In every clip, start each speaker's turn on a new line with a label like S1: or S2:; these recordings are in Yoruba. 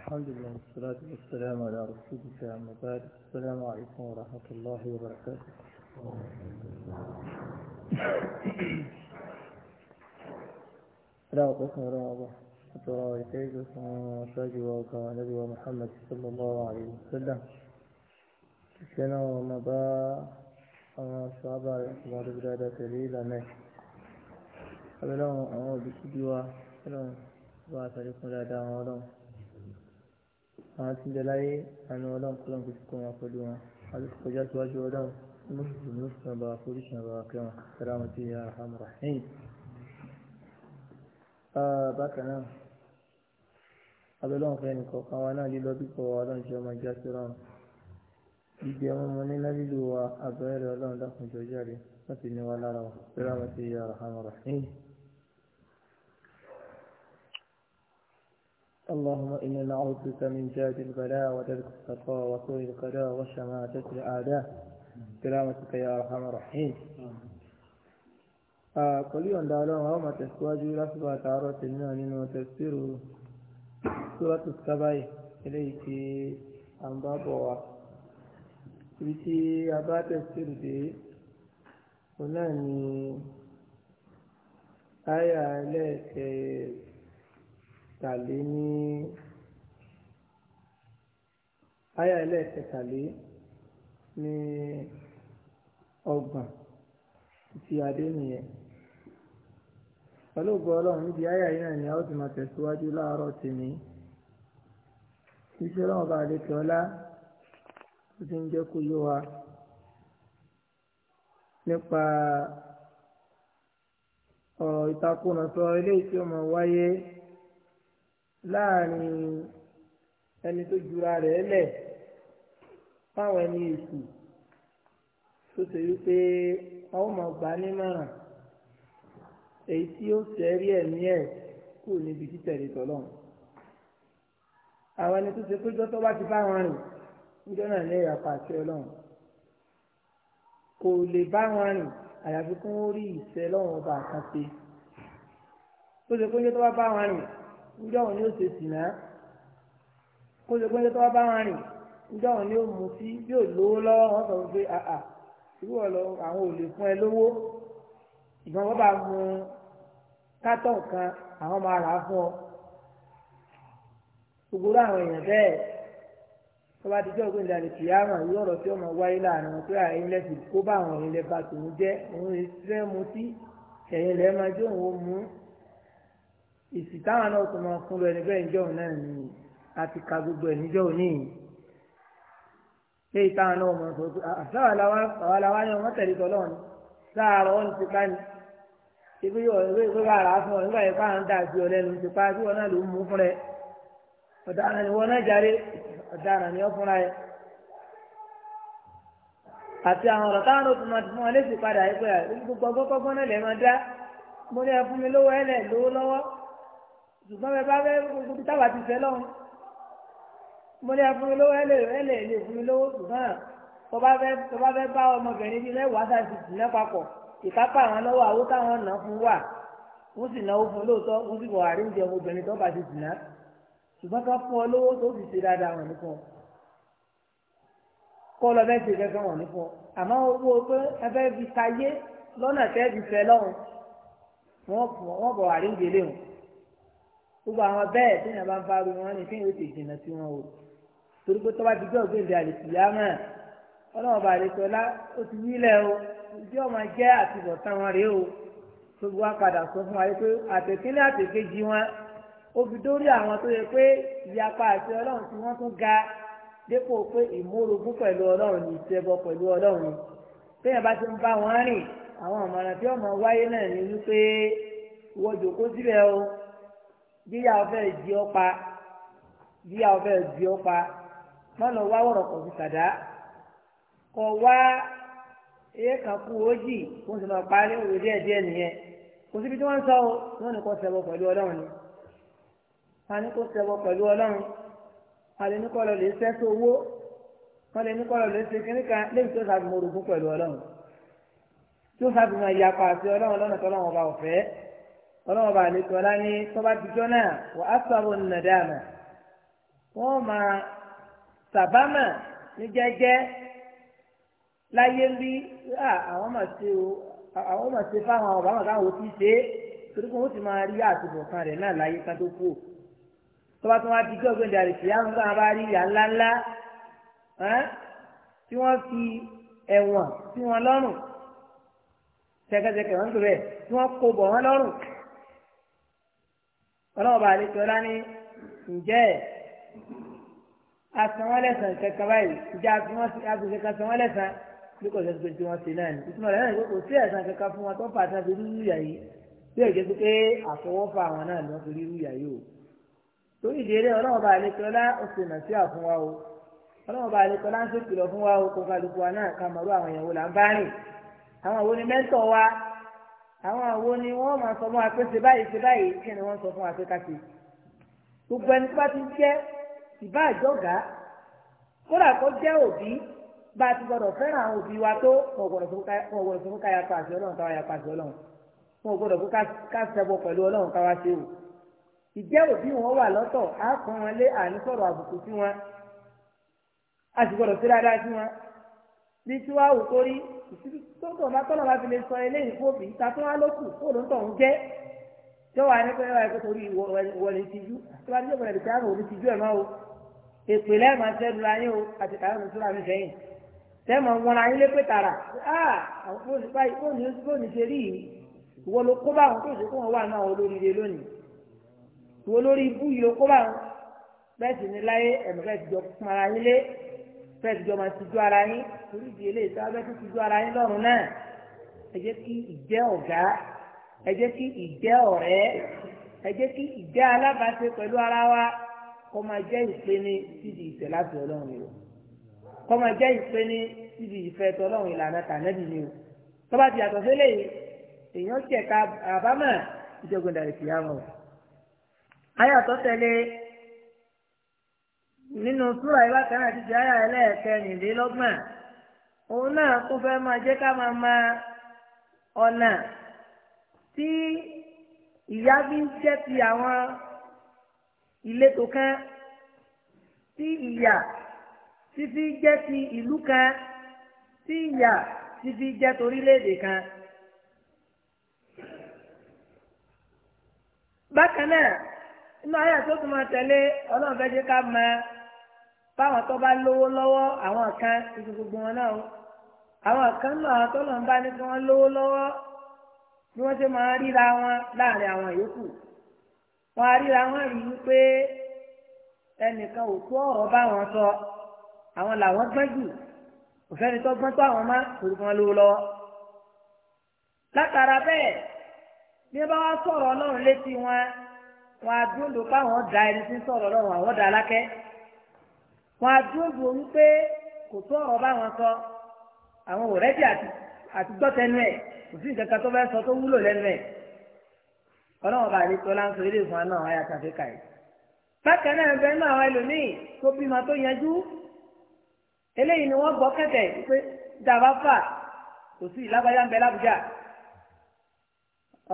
S1: الحمد لله والصلاة والسلام على رسول الله أما بعد السلام عليكم ورحمة الله وبركاته لا أقسم الله أترى يحيج وشاج وقال نبي محمد صلى الله عليه وسلم كنا وما باع أما صعب على أخبار بلاد تليل أنا أبلغ أعوذ بكبيوة ọlọ́run bá a sọ̀rọ̀ fún dáadáa àwọn ọlọ́run àwọn tí ń bẹ láyé àánú ọlọ́run kọlọ́run kò sí kó wọn pẹ̀lú wọn wọn ti kọjá síwájú ọlọ́run mọ́sùlùmí mọ́sùlùmí bá foríṣàn bá kẹwọn sẹ́ra wọn sí àhámù rahim. bákan náà abẹ́lọ́run fẹ́ nìkan kan wa náà lílọ bíkọ́ ọlọ́run jẹ́ ọmọ ìjà sí ọlọ́run jíjẹ ọmọ mọ ní lábílù wa abẹ́rẹ́ ọlọ́run dákùnjọ́ jáde láti ní wa lára wa sẹ́ra wọn sí àhámù rahim. اللهم إنا نعوذ بك من جاد البلاء ودرك الصفاء وسوء القضاء وشماتة الأعداء برحمتك يا أرحم الراحمين pẹ̀lú ọ̀dà ọlọ́run àwọn máa tẹ̀síwájú lásìkò àtàárọ̀ tèmi náà nínú tẹ̀síìrù sóràtù sábàyì eléyìí tí a ń bá bọ̀ wá. ibi tí a bá tẹ̀síìrù dé òun náà ni àyà ẹlẹ́ẹ̀kẹ́ kẹtàlé ní àyà ẹlẹ́ẹ̀kẹtàlé ní ọgbọ̀n ti adé nìyẹn pẹ̀lú ògbọ́ ọlọ́run níbi àyà yìí náà ni a ó ti máa tẹ̀síwájú láàárọ̀ tèmi iṣẹ́ ọlọ́run bá àlejò ọlá ó ti ń jẹ́ kó yé wa nípa ọ̀rọ̀ ìtakùnàsọ eléyìí tí ó máa wáyé láàrin ẹni tó jura rẹ̀ lẹ̀ fáwọn ẹni èsì tó ṣe wípé àwọn ọmọ gbà nímọ̀ràn èyí tí ó sẹ́rí ẹ̀mí ẹ̀ kù níbi títẹ̀lé tọ́lọ́run àwọn ẹni tó ṣe pé gbọ́tọ́ bá ti bá wọn rìn níjọ́ náà ní ẹ̀yà pàṣẹ ọlọ́run kò lè bá wọn rìn àyàfi kí wọ́n rí ìṣẹ́ lọ́wọ́ ọba àkàṣe tó ṣe pé gbọ́tọ́ bá bá wọn rìn ǹjọ́ òun ni ó ṣe sì náà kó lè gbọ́dọ̀ tó wá bá wọn rìn ǹjọ́ òun ni ó mú sí bí ò lówó lọ́wọ́ wọn sọ pé àà irú ọ̀lọ́ àwọn ò lè fún ẹ lówó ìgbọ́n wọ́n bá mu kátọ̀ kan àwọn máa rà á fún ọ gbogbo àwọn èèyàn bẹ́ẹ̀ tó bá ti jẹ́ ògbìn ìdàlẹ̀ kì í ọ̀rọ̀ tí ọmọ wáyé láàrin wọn pé àyè ńlẹ̀ kó bá àwọn èèyàn lẹ́ba tòun jẹ́ òun lè fẹ́ mu sí ẹ̀yìn lẹ́ẹ̀ máa jẹ́ òun ó mú èsì táwọn náà tó máa fún lọ ẹni bẹ́ẹ̀ níjọ́ náà ni àti ka gbogbo ẹ̀ níjọ́ òní léyìí táwọn náà mọ̀ sọ pé ah, ah, àtàwọn làwọn ni wọ́n tẹ̀lé tọ́lọ́ ni
S2: láàárọ̀ wọn ti ká ni ibi ìwé ìwé bá rà á fún ọ nígbà yẹn fáwọn dà sí ọ lẹ́nu ti pa bí wọn náà ló mú fún rẹ ọ̀daràn ni wọn náà jáde ọ̀daràn ni ọ fúnra yẹ àti àwọn ọ̀rọ̀ táwọn náà tó máa fún ọ létí padà yìí pé ah, gbogbo ọgọ́gọ́gbọ́n náà lè máa dá mo ní ẹ fún mi lówó ẹ lẹ̀ lówó lọ́wọ́ ṣùgbọ́n bẹ bá fẹ́ gbogbo tí táwa ti fẹ́ lọ́hùn mo ní ẹfun mi lówó ẹlẹ ẹlẹ ẹlẹ fún mi lówó ṣùgbọ́n tó bá fẹ́ tó bá fẹ́ bá ọmọbìnrin bíi mẹ́wàá sáàsì jù náà papọ̀ ìkápá àwọn lọ́wọ́ àwọn táwọn nà fún wà wọ́n sì náwó fún lóòótọ́ wọ́n sì wọ̀ àrí oúnjẹ ọmọbìnrin tó bá ti jù náà ṣùgbọ́n ká fún ọ lówó tó fi ṣe dáadáa wọn nìkan kó lọ fẹ́ ṣe kankan wọn nìkan àmọ́ owó pé ẹ fẹ́ fi ta lọ́nà tẹ́ẹ̀ fi fẹ́ lọ́hùn wọ́n bọ̀ àrí oúnjẹ léhùn gbogbo àwọn bẹ́ẹ̀ tí yàrá bá ń faru wọn ni kéèyàn ó ti jìnnà sí wọn o torí pé tọ́ba ti gbé ògbéǹde àlèkìyámà ọlọ́run bá lè sọlá ó ti wílẹ̀ o ìdí ọmọ jẹ́ àtibọ̀tán wọn rèé o gbogbo wa padà sọ fún wa pé àtẹ̀kínní àtẹ̀kejì wọn ó fi dórí àwọn tó yẹ pé ìyapa àti ọlọ́run tí wọ́n tún ga dépò pé ìmórogún pẹ̀lú ọlọ́run ní ìṣẹ́bọ pẹ̀lú ọlọ́run ni téèyàn bá ti ń bá wọn rìn àwọn ọ̀mọ̀ràn tí ọmọ wáyé náà ní wípé wọ́n jòkó síbẹ̀ o bíyà ọfẹ́ di ọ́ pa bíyà ọfẹ́ di ọ́ pa má lọ wá wọ̀rọ̀ kọ̀ fi kàdá kọ̀ wá eyé kan kú ojì kó n sì máa parí òwe díẹ̀ díẹ̀ nìyẹn kò síbi tí wọ́n ń sọ ọ́ wọ́n ní kó ṣẹbọ pẹ̀lú ọlọ́run ni wọ́n ní kó ṣẹbọ pẹ̀lú ọlọ́run wọ́n lè ní kó lọ lè sẹ́sọ owó wọ́n lè ní kó lọ lè ṣe kíní kan lébi tó sàbí mo rògún pẹ̀lú tó sàbí mo àti ọlọ́run lọ́nà tó ọba ọ̀fẹ́ ọlọ́run bá àlejò ọlá ní tọ́ba dijọ́ náà wà á sọ̀rọ̀ nàdàmà wọ́n máa sàbámà ní jẹ́jẹ́ láyé ń bí àwọn máa ṣe o àwọn máa ṣe fáwọn ọ̀bá máa káwọn ti ṣe é torí pé wọ́n ti máa rí àtúbọ̀tán rẹ̀ náà láyé ká tó kú o tọ́ba tó wá dijọ́ gbẹ̀dẹ̀ àrèsí àwọn kan bá rí ìyá ńláńlá tí wọ́n fi ẹ̀wọ̀n sí wọn lọ́rùn tẹ́kẹ́tẹ́kẹ́ wọn ń gbé tí wọ́n kó bọ̀ wọn lọ́rùn ọlọ́ọ̀bà àlejòọ́lá ní ǹjẹ́ asanwó-ẹlẹ́sàn kẹkẹ báyìí ǹjẹ́ agbèsè kan sanwó-ẹlẹ́sàn bí kò sẹ́sì pé tí wọ́n ṣe náà ni ìtumọ̀ rẹ̀ náà kò sí ẹ̀sán kẹkẹ fún wọn tó fà tán fi rírú yà yìí bí èjé pé àfọwọ́fà àwọn náà ni wọ́n fi rírú yà yìí o torí ìdílé ọlọ́ọ̀bà àlejòọ́lá ó ṣe nà sí àfún wa o ọlọ́ọ̀bà àlejòọ́lá ń ṣèkìlọ̀ fún wa o kó kálukú wa náà kàmọ́rú àwọn èèyàn wo là ń bá rìn àwọn òwò ni mẹ́ńtọ̀ wa àwọn àwo ni wọ́n máa sọ fún wa pé ṣe báyìí ṣe báyìí kí ni wọ́n sọ fún wa pé ká ṣe gbogbo ẹni tó bá ti jẹ́ ìbá àjọgà kódà kó jẹ́ òbí bá a ti gbọdọ̀ fẹ́ràn àwọn òbí wa tó wọn gbọdọ̀ fún ká yapa àṣẹ ọlọ́run káwa yapa àṣẹ ọlọ́run wọn gbọdọ̀ fún ká ṣẹbọ pẹ̀lú ọlọ́run káwa ṣe o ìjẹ́ òbí wọn wà lọ́tọ̀ á pọn wọn lé àní sọ̀rọ̀ àbùkù sí wọn a sì gbọdọ̀ sí dáadáa sí wọn bí tí wàá wù kórí tó ń tọ̀ bá tọ́lọ̀ bá fi lè sọ eléyìí fún òbí ta tó wá lókù fóònù ń tọ̀ ń jẹ́ jọ́wọ́ ẹni pé ẹ̀rọ torí wọlé tìjú tó bá níjọba ẹ̀rọ tìjú òní tìjú ẹ̀ máa o èpè lẹ́ẹ̀mà sẹ́nu ayé o àti kàrọ̀ tó láàmì sẹ́yìn tẹ́mọ̀ wọn ayé lé pé tààrà àwọn fóònù báyìí fóònù fóònù ṣe rí yìí ìwọ ló kó bá àwọn tó ṣe kó wọn wà náà wọn torí ìdí ilé ìta abẹ́ tó ti ju ara yín lọ́rùn náà ẹ jẹ́ kí ìjẹ́ ọ̀gá ẹ jẹ́ kí ìjẹ́ ọ̀rẹ́ ẹ jẹ́ kí ìjẹ́ alábàáṣe pẹ̀lú ara wa kó máa jẹ́ ìpeni síbi ìfẹ́ láti ọlọ́run ni o kó máa jẹ́ ìpeni síbi ìfẹ́ tọlọ́run ìlànà tànẹ́bì ni o tó bá ti yàtọ̀ sílẹ̀ yìí èèyàn ṣẹ̀ka àbámọ̀ ìjọgbọ̀n dàrí fìyà wọn. ayàtọ̀ nínú súra ìwà kan àti ti ayà ẹlẹ́ẹ̀kẹrìnlélọ́gbọ̀n òun náà kó fẹ́ máa jẹ́ ká máa ma ọ̀nà tí ìyá bí ń jẹ́ ti àwọn ìletò kan tí ìyà fífi jẹ́ ti ìlú kan tí ìyà fífi jẹ́ torílẹ̀-èdè kan. bákan náà inú ayé àti ó tún máa tẹ̀lé ọlọ́run fẹ́ jẹ́ ká máa báwọn tó bá lówó lọ́wọ́ àwọn kan ibi gbogbo wọn náà àwọn kan náà tó lọ bá ní kí wọ́n lówó lọ́wọ́ bí wọ́n ṣe máa ríra wọn láàrin àwọn yòókù wọn á ríra wọn rí i ẹnìkan ò tó ọ̀rọ̀ báwọn sọ àwọn làwọn gbọ́n jù òfẹ́ni tó gbọ́n tó àwọn má torí kan lówó lọ́wọ́ látara bẹ́ẹ̀ bí wọ́n bá wá sọ̀rọ̀ ọlọ́run létí wọn wọn á dúró lò pé àwọn da ẹni tí ń sọ̀rọ̀ ọlọ́run àwọn da alákẹ́ wọn adúró dùn ó wípé kò tó ọ̀rọ̀ báwọn sọ àwọn ò rẹ́dí àti gbọ́tẹ́nu ẹ̀ kò sí nǹkan kan tó fẹ́ sọ tó wúlò lẹ́nu ẹ̀ ọlọ́wọ́n bá rí tọ́lá ń sọ ilé ìfún aná àyà tàfíkà yìí. bákan náà bẹ́ẹ̀ náà àwọn ẹlòmíì tó bímọ tó yanjú eléyìí ni wọ́n gbọ́ kẹ̀tẹ̀ pé dàbá fà kò sí ìlágbájá ń bẹ lábújá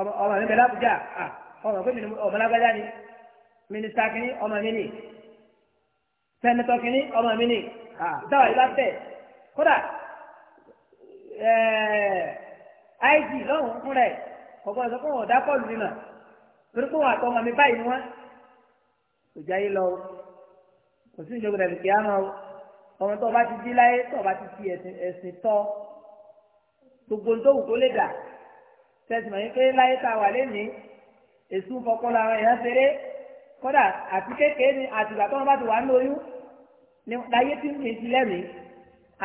S2: ọmọ mi bẹ lábújá ọmọ mi ọmọ lágbájá ni mínísítà kìíní ọmọ mi nì sẹ́nitọ́ kìíní ọmọ mi ni dáwà yìí bá tẹ̀ kódà eh, ig lọ́hùn fún rẹ̀ ọ̀gbọ́n ìsọ fún ọ̀dà pọ̀ lùmí mà torí pé wọn àtọ́ ọmọ mi báyìí wọn kò já yìí lọ kò sí ìjọba ìrẹ̀lẹ̀ kìí àmọ́ ọmọ tó o bá ti dí láyé tó o bá ti fi ẹ̀sìn tọ́ gbogbo tó wù kó lè dà tẹ̀sí mọ̀ yín pé láyé tá a wà lé ní èsù fọkọ́ làwọn èèyàn ṣeré kódà àti kékeré ni àtìgbà tó wọn bá ti wà ní oyún ni láyé tí ń yìn sí lẹ́mìí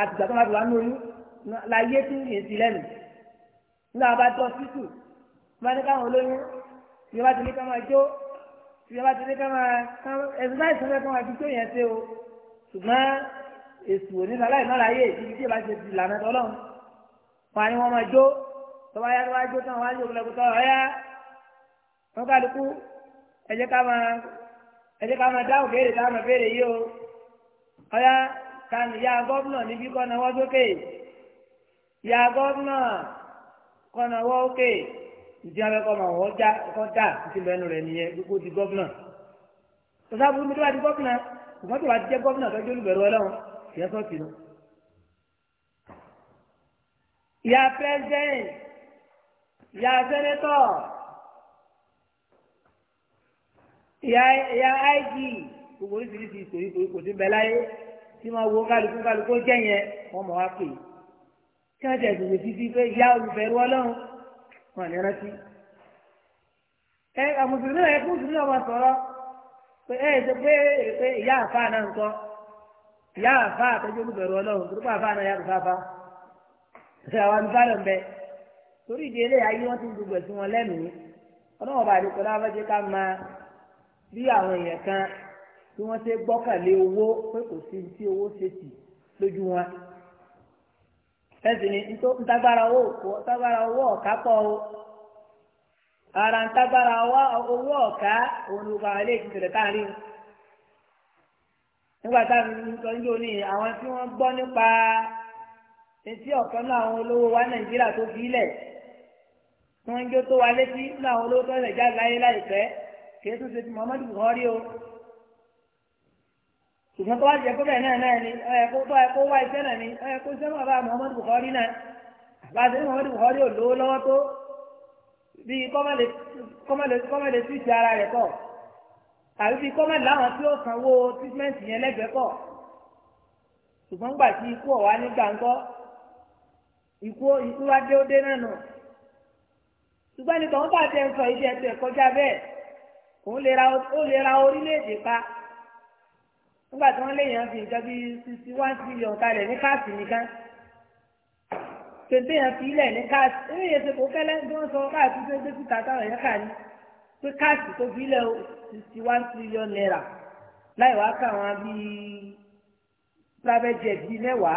S2: àtìgbà tó wọn bá ti wà ní oyún láyé tí ń yìn sí lẹ́mìí nígbà bá tọ́ sítù bá ní káwọn olóyún bí wọ́n bá ti ní ká máa jó bí wọ́n bá ti ní ká máa ẹ̀sùn láì sọ́jọ́ ká máa fi tó yẹn ṣe o ṣùgbọ́n èsù òní sọ láì nára yé ìdíbi tí ìbá ti lànà tọ́lọ́ wọn ni wọ́n máa jó tọ́wọ́ yá jó tán wọ́n á ẹ jẹ́ ká máa ẹ jẹ́ ká máa dáhùn béèrè ká béèrè yìí o ọ̀yá kanu ya gọ́vnà níbí kọ́nà wọ́ sókè ya gọ́vnà kọ́nà wọ́ òkè ìdí abẹ́ kọ́ máa wọ́ já kọ́ dà títí lẹ́nu rẹ̀ nìyẹn gbogbo ti gọ́vnà tọ́sá burú mi tó bá di gọ́vnà ìgbọ́n tó bá ti jẹ́ gọ́vnà tọ́jú olùbẹ̀rù ọlọ́run ìyẹn sọ́ọ̀tì nù. ya pẹ́sidẹ́ǹtì ya sẹ́nẹ́tọ̀ Ya, ìyá áìjì gbogbo oríṣiríṣi ìsòrí kò sí bẹ láyé tí wọn wo kálukú kálukú jẹ yẹn wọn mọ wá pè kí wọn tẹsí wò títí pé ìyá olùbẹ̀rù Ọlọ́run wọn ní rántí. ẹ àmùsùlùmí náà ẹ kú sùnú ọmọ sọ̀rọ̀ pé ẹ ṣe pé pé ìyá àfa náà ń kọ ìyá àfa àtẹjọ olùbẹ̀rù Ọlọ́run torí pé àfa náà yàtọ̀ sáfa ṣe àwọn àlùfáàlọ ń bẹ torí ìdí ayé wọn ti ń dùgbẹ̀ sí wọn lẹ́nu ọlọ́wọ́n bá àdìpọ̀ láwọn fẹ́ bí àwọn èèyàn kan tí wọ́n ṣe gbọ́kànlé
S1: owó pé kò sí tí owó ṣe tì
S2: lójú wọn. ẹ̀sìn ni ntagbára owó ntagbára owó ọ̀ká pọ̀ o ara ntagbára owó ọ̀ká òun ló bára lé ìṣẹ̀lẹ̀ káàrin nígbà táwọn ìṣòro ń jò ní àwọn tí wọ́n gbọ́ nípa etí ọ̀kan náà àwọn olówó wa Nàìjíríà tó fi ilẹ̀ tí wọ́n ń jó tó wa létí náà àwọn olówó tó ń lẹ̀ jáde láyé láìpẹ́ kìí tó ṣe ti Muhammad Buhari o ṣùgbọ́n tó wá jẹ́ kó bẹ́ẹ̀ náà náà ni ọ̀yẹ́ kó tó ẹ̀kọ́ wá iṣẹ́ náà ni ọ̀yẹ́ kó sẹ́wọ̀n bàbá Muhammad Buhari náà àbáṣe ní Muhammad Buhari ò lówó lọ́wọ́ tó bíi kọ́mọ̀lẹ̀ sí ti ara rẹ̀ kọ̀ àbí bíi kọ́mọ̀lẹ̀ láwọn tí ó sanwó tírísímẹ́ǹtì yẹn lẹ́gbẹ̀ẹ́ kọ̀ ṣùgbọ́n gbà tí ikú ọ̀wá ní gbàǹgọ́ ikú ikú wá dé ó dé náà nù ṣùgbọ́n ní tọ̀hún bá tẹ̀ ń sọ iṣẹ́ tẹ̀ kọjá bẹ́ẹ̀ òun lè ra ó lè ra orílẹ̀-èdè pa nígbà tí wọ́n léèyàn fi nǹkan bíi sixty one billion kalẹ̀ ní káàsì nìkan tètè yẹn fi ilẹ̀ ní káàsì eré yẹn ti kó kẹ́lẹ́ bí wọ́n sọ káàsì tó gbé síta táwọn yẹn kà ní pé káàsì tó fi ilẹ̀ sixty one trillion naira láì wá kà wọ́n bíi private jet bíi mẹ́wàá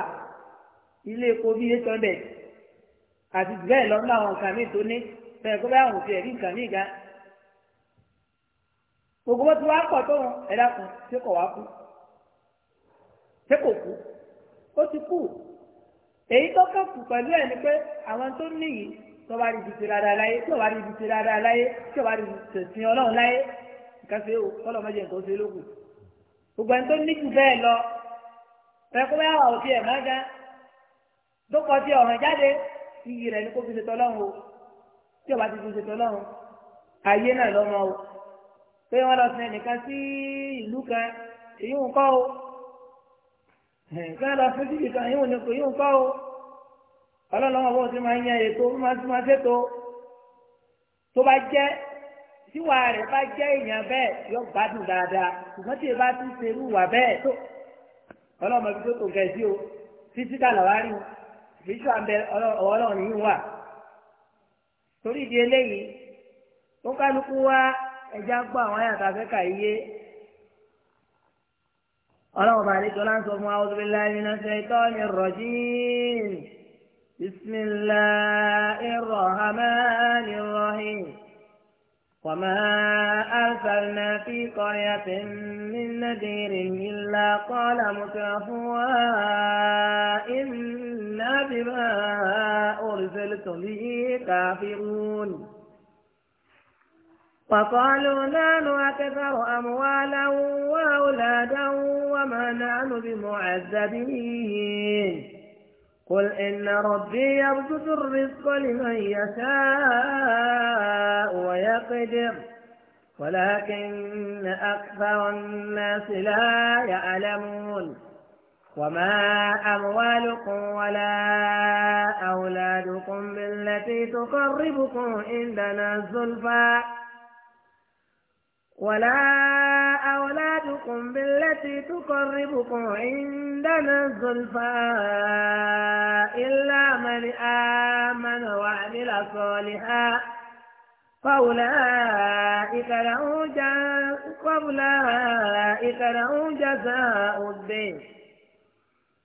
S2: ilé epo bíi eight hundred àti bẹ́ẹ̀ lọ́nà àwọn nǹkan míì tó ní bẹ́ẹ̀ kó bá àwọn òfin ẹ̀rí nǹkan míì gan gbogbo bó ti wá pọ̀ tó wọn ẹ dákun ṣé kò wá kú ṣé kò kú ó ti kú èyí tó kàn kù pẹ̀lú ẹ̀ ni pé àwọn tó níyì tó bá rí ibi ti dáadáa láyé tó bá rí ibi ti dáadáa láyé tó bá rí ibi ọlọ́run láyé nǹkan ṣe o kọ́lọ̀ mọ́jẹ̀ nǹkan ṣe lókù gbogbo ẹni tó ní jù bẹ́ẹ̀ lọ ẹ̀kọ́ bá wà òfin ẹ̀ máa gan dókọ̀ tí ọ̀ràn jáde iyì rẹ̀ ní kó fi ṣe tọ́lọ́run o tí ọba ti fi ṣe tọ́lọ́run ayé náà lọ́mọ o pé wọ́n lọ sin ẹnìkan sí ìlú kan èyí ń kọ́ o ẹ̀ẹ́dẹ́gbẹ́ lọ fún títì kan èyí ń ní kò èyí ń kọ́ o ọlọ́lọ́wọ́ bó ti máa ń yan ètò bí máa ti máa ṣètò tó bá jẹ́ tíwà rẹ̀ bá jẹ́ èèyàn bẹ́ẹ̀ yóò gbádùn dáadáa ṣùgbọ́n tí ìbá tún ṣerú wà bẹ́ẹ̀ tó ọlọ́mọ ibi tó tó gẹ̀ sí o títí dà lọ́wọ́ rí o ìfíṣọ́ àbẹ ọlọ́run yìí wà torí ìdí eléyìí ó kálukú wá ẹja gbọ́ àwọn àyàtà fẹ́ka yíyé ọlọ́run bá lè jọlá ń sọ fún àwọn obìnrin láàrin náà ṣe tọ́ ni rọ̀jìn bisimilahi rahman rahim wàmà arsalna fi kọ́rìyàtì nínàdìrì ilà kọ́là mùtàfúwà ìnàbìbà òrìṣẹ́lẹ̀ tòbí kàfírún. وقالوا نحن أكثر أموالا وأولادا وما نحن بمعذبين قل إن ربي يبسط الرزق لمن يشاء ويقدر ولكن أكثر الناس لا يعلمون وما أموالكم ولا أولادكم بالتي تقربكم عندنا الزلفى ولا أولادكم بالتي تقربكم عندنا الزلفاء إلا من آمن وعمل صالحا فأولئك له فأولئك جزاء الدين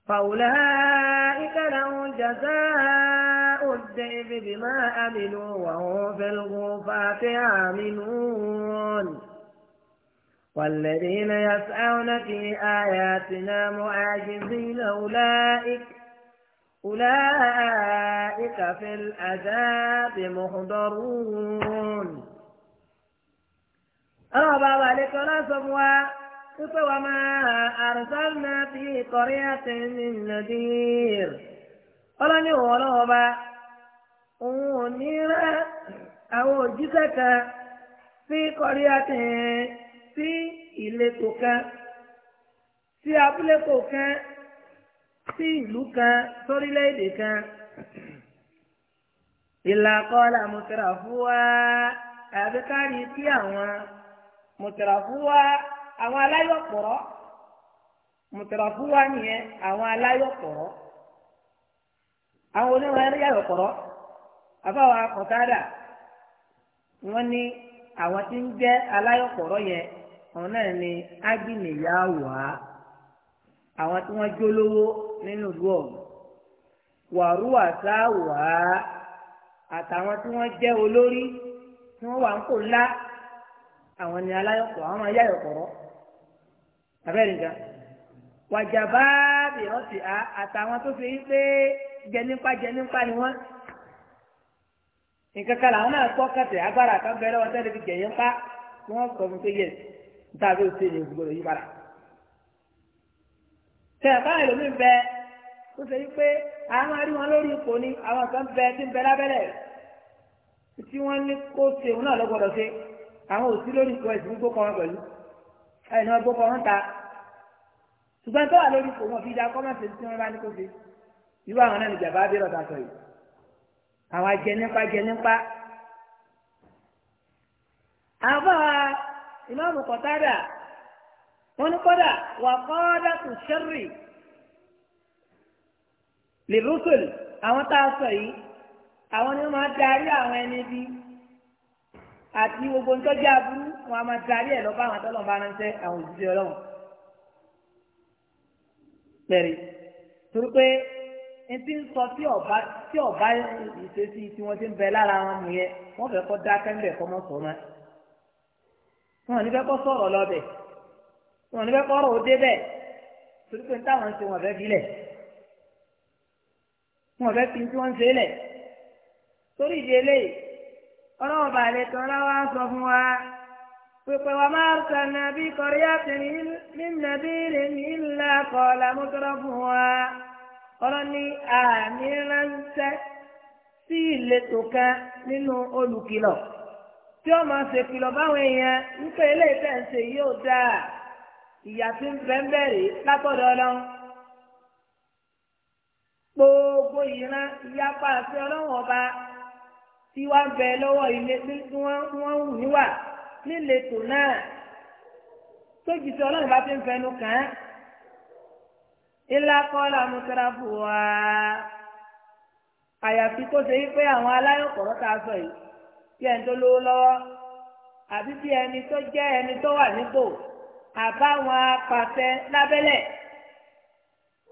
S2: فأولئك له جزاء الدين بما أملوا وهم في الغرفات آمنون والذين يسعون في آياتنا معاجزين أولئك أولئك في العذاب محضرون أنا بابا لك رسم وما أرسلنا في قرية من نذير قال لي ولوبا ونير أو جسك في قرية sí ìletò kan sí abúlé kọ̀ọ̀kan sí ìlú kan sórílẹ̀-èdè kan. ìlàkọ́lá mùtàràfúwá àbíkárí kí àwọn mùtàràfúwá àwọn aláyọ̀pọ̀rọ̀ mùtàràfúwá nìyẹn àwọn aláyọ̀pọ̀rọ̀ àwọn oníwọ̀n ẹ̀rí ayọ̀pọ̀rọ̀ àbáwọn akọ̀tádà wọ́n ní àwọn tí ń jẹ́ aláyọ̀pọ̀rọ̀ yẹn àwọn náà ni ágìnìyàwá àwọn tí wọ́n jólówó nínú ìlú ọ̀hún wàrúwà sáwà àtàwọn tí wọ́n jẹ́ olórí tí wọ́n wà ń kó ńlá àwọn ni aláyọ̀pọ̀ àwọn máa yáyọ̀pọ̀rọ̀ abẹ́rẹ́ nǹkan wàjàbá bìrọ̀ sí a àtàwọn tó fi pé jẹnipa jẹnipa ni wọ́n nǹkan kan làwọn náà kọ́ kẹtẹ̀ agbára kan bẹ̀rẹ̀ wọn tẹ́lẹ̀ fi jẹ̀yẹ́ pa tí wọ́n fún pé yẹ̀sì níta bí o ṣe yẹn gbogbo yìí padà. tẹ̀ báyìí lómi bẹ ó ṣe wípé àwọn arí wọn lórí ipò ni àwọn kan bẹ tí ń bẹ lábẹ́rẹ́ tí wọ́n ní kó ṣe òun náà lọ́gbọ́dọ̀ ṣe àwọn ò sí lórí ipò ẹ̀sìn gbókọ wọn pẹ̀lú ẹ̀yìn náà gbókọ wọn ta ṣùgbọ́n tó wà lórí ipò wọn fi da kọ́mọ̀tì tí wọ́n bá ní kó ṣe irú àwọn náà ní bí rọ̀tà sọ yìí àwọn ajẹnipa jẹnipa àwọn ìmáàmù kọ̀tádà wọ́n ní kọ́dà wà kọ́dà tó ṣẹ́rì lèrúsòlì àwọn tá a sọ yìí àwọn ni wọ́n máa darí àwọn ẹni bí àti gbogbo ntọ́jú aburú wọn a máa darí ẹ̀ lọ bá àwọn atọ́lọ́ bá ránṣẹ́ àwọn òṣìṣẹ́ ọlọ́run pẹ̀rẹ̀ torí pé etí ń sọ tí ọba tí ọba ìṣesí tí wọ́n ti ń bẹ lára wọn nìyẹn wọ́n fẹ́ kọ́ dákẹ́ ń bẹ̀ kọ́ mọ́ sọ́ọ́ wọn ní bẹ́ẹ̀ kọ́ sọ̀rọ̀ lọ́bẹ̀ wọn ní bẹ́ẹ̀ kọ́ ọ̀rọ̀ òde bẹ́ẹ̀ torí pé táwọn ń ṣe wọn fẹ́ filẹ̀ wọn fẹ́ fi tí wọ́n ń ṣe lẹ̀ torí ìdí eléyìí ọlọ́wọ́ bàálẹ̀ tán láwa sọ fún wa pípẹ́ wa máa ń sàn nàbí kọ́ríyàtì ní nàbí rẹ̀ ní ńlá kọ́ làmúkọ́rọ́ fún wa ọlọ́ni àmì ránṣẹ́ sí ìletò kan nínú olùkìlọ̀ tí wọ́n máa ṣèkìlọ̀ báwọn èèyàn ń pè é léyìí tẹ̀ ń ṣe yóò dáa ìyá tí ń bẹ́ ń bẹ̀rẹ̀ látọ̀dọ̀ ọlọ́run gbogbo ìran ìyapa àti ọlọ́run ọba tí wọ́n bẹ lọ́wọ́ ilé tí wọ́n wù níwà níletò náà tójì tí ọlọ́run bá ti ń fẹnu kàn án ńlá kọ́ làwọn sẹ́ráfù wá àyàfi kó ṣe wípé àwọn aláyọ̀kọ̀rọ̀ tá a sọ yìí bí ẹni tó lówó lọ́wọ́ àbí bí ẹni tó jẹ́ ẹni tó wà nípò àbáwọn apàṣẹ lábẹ́lẹ̀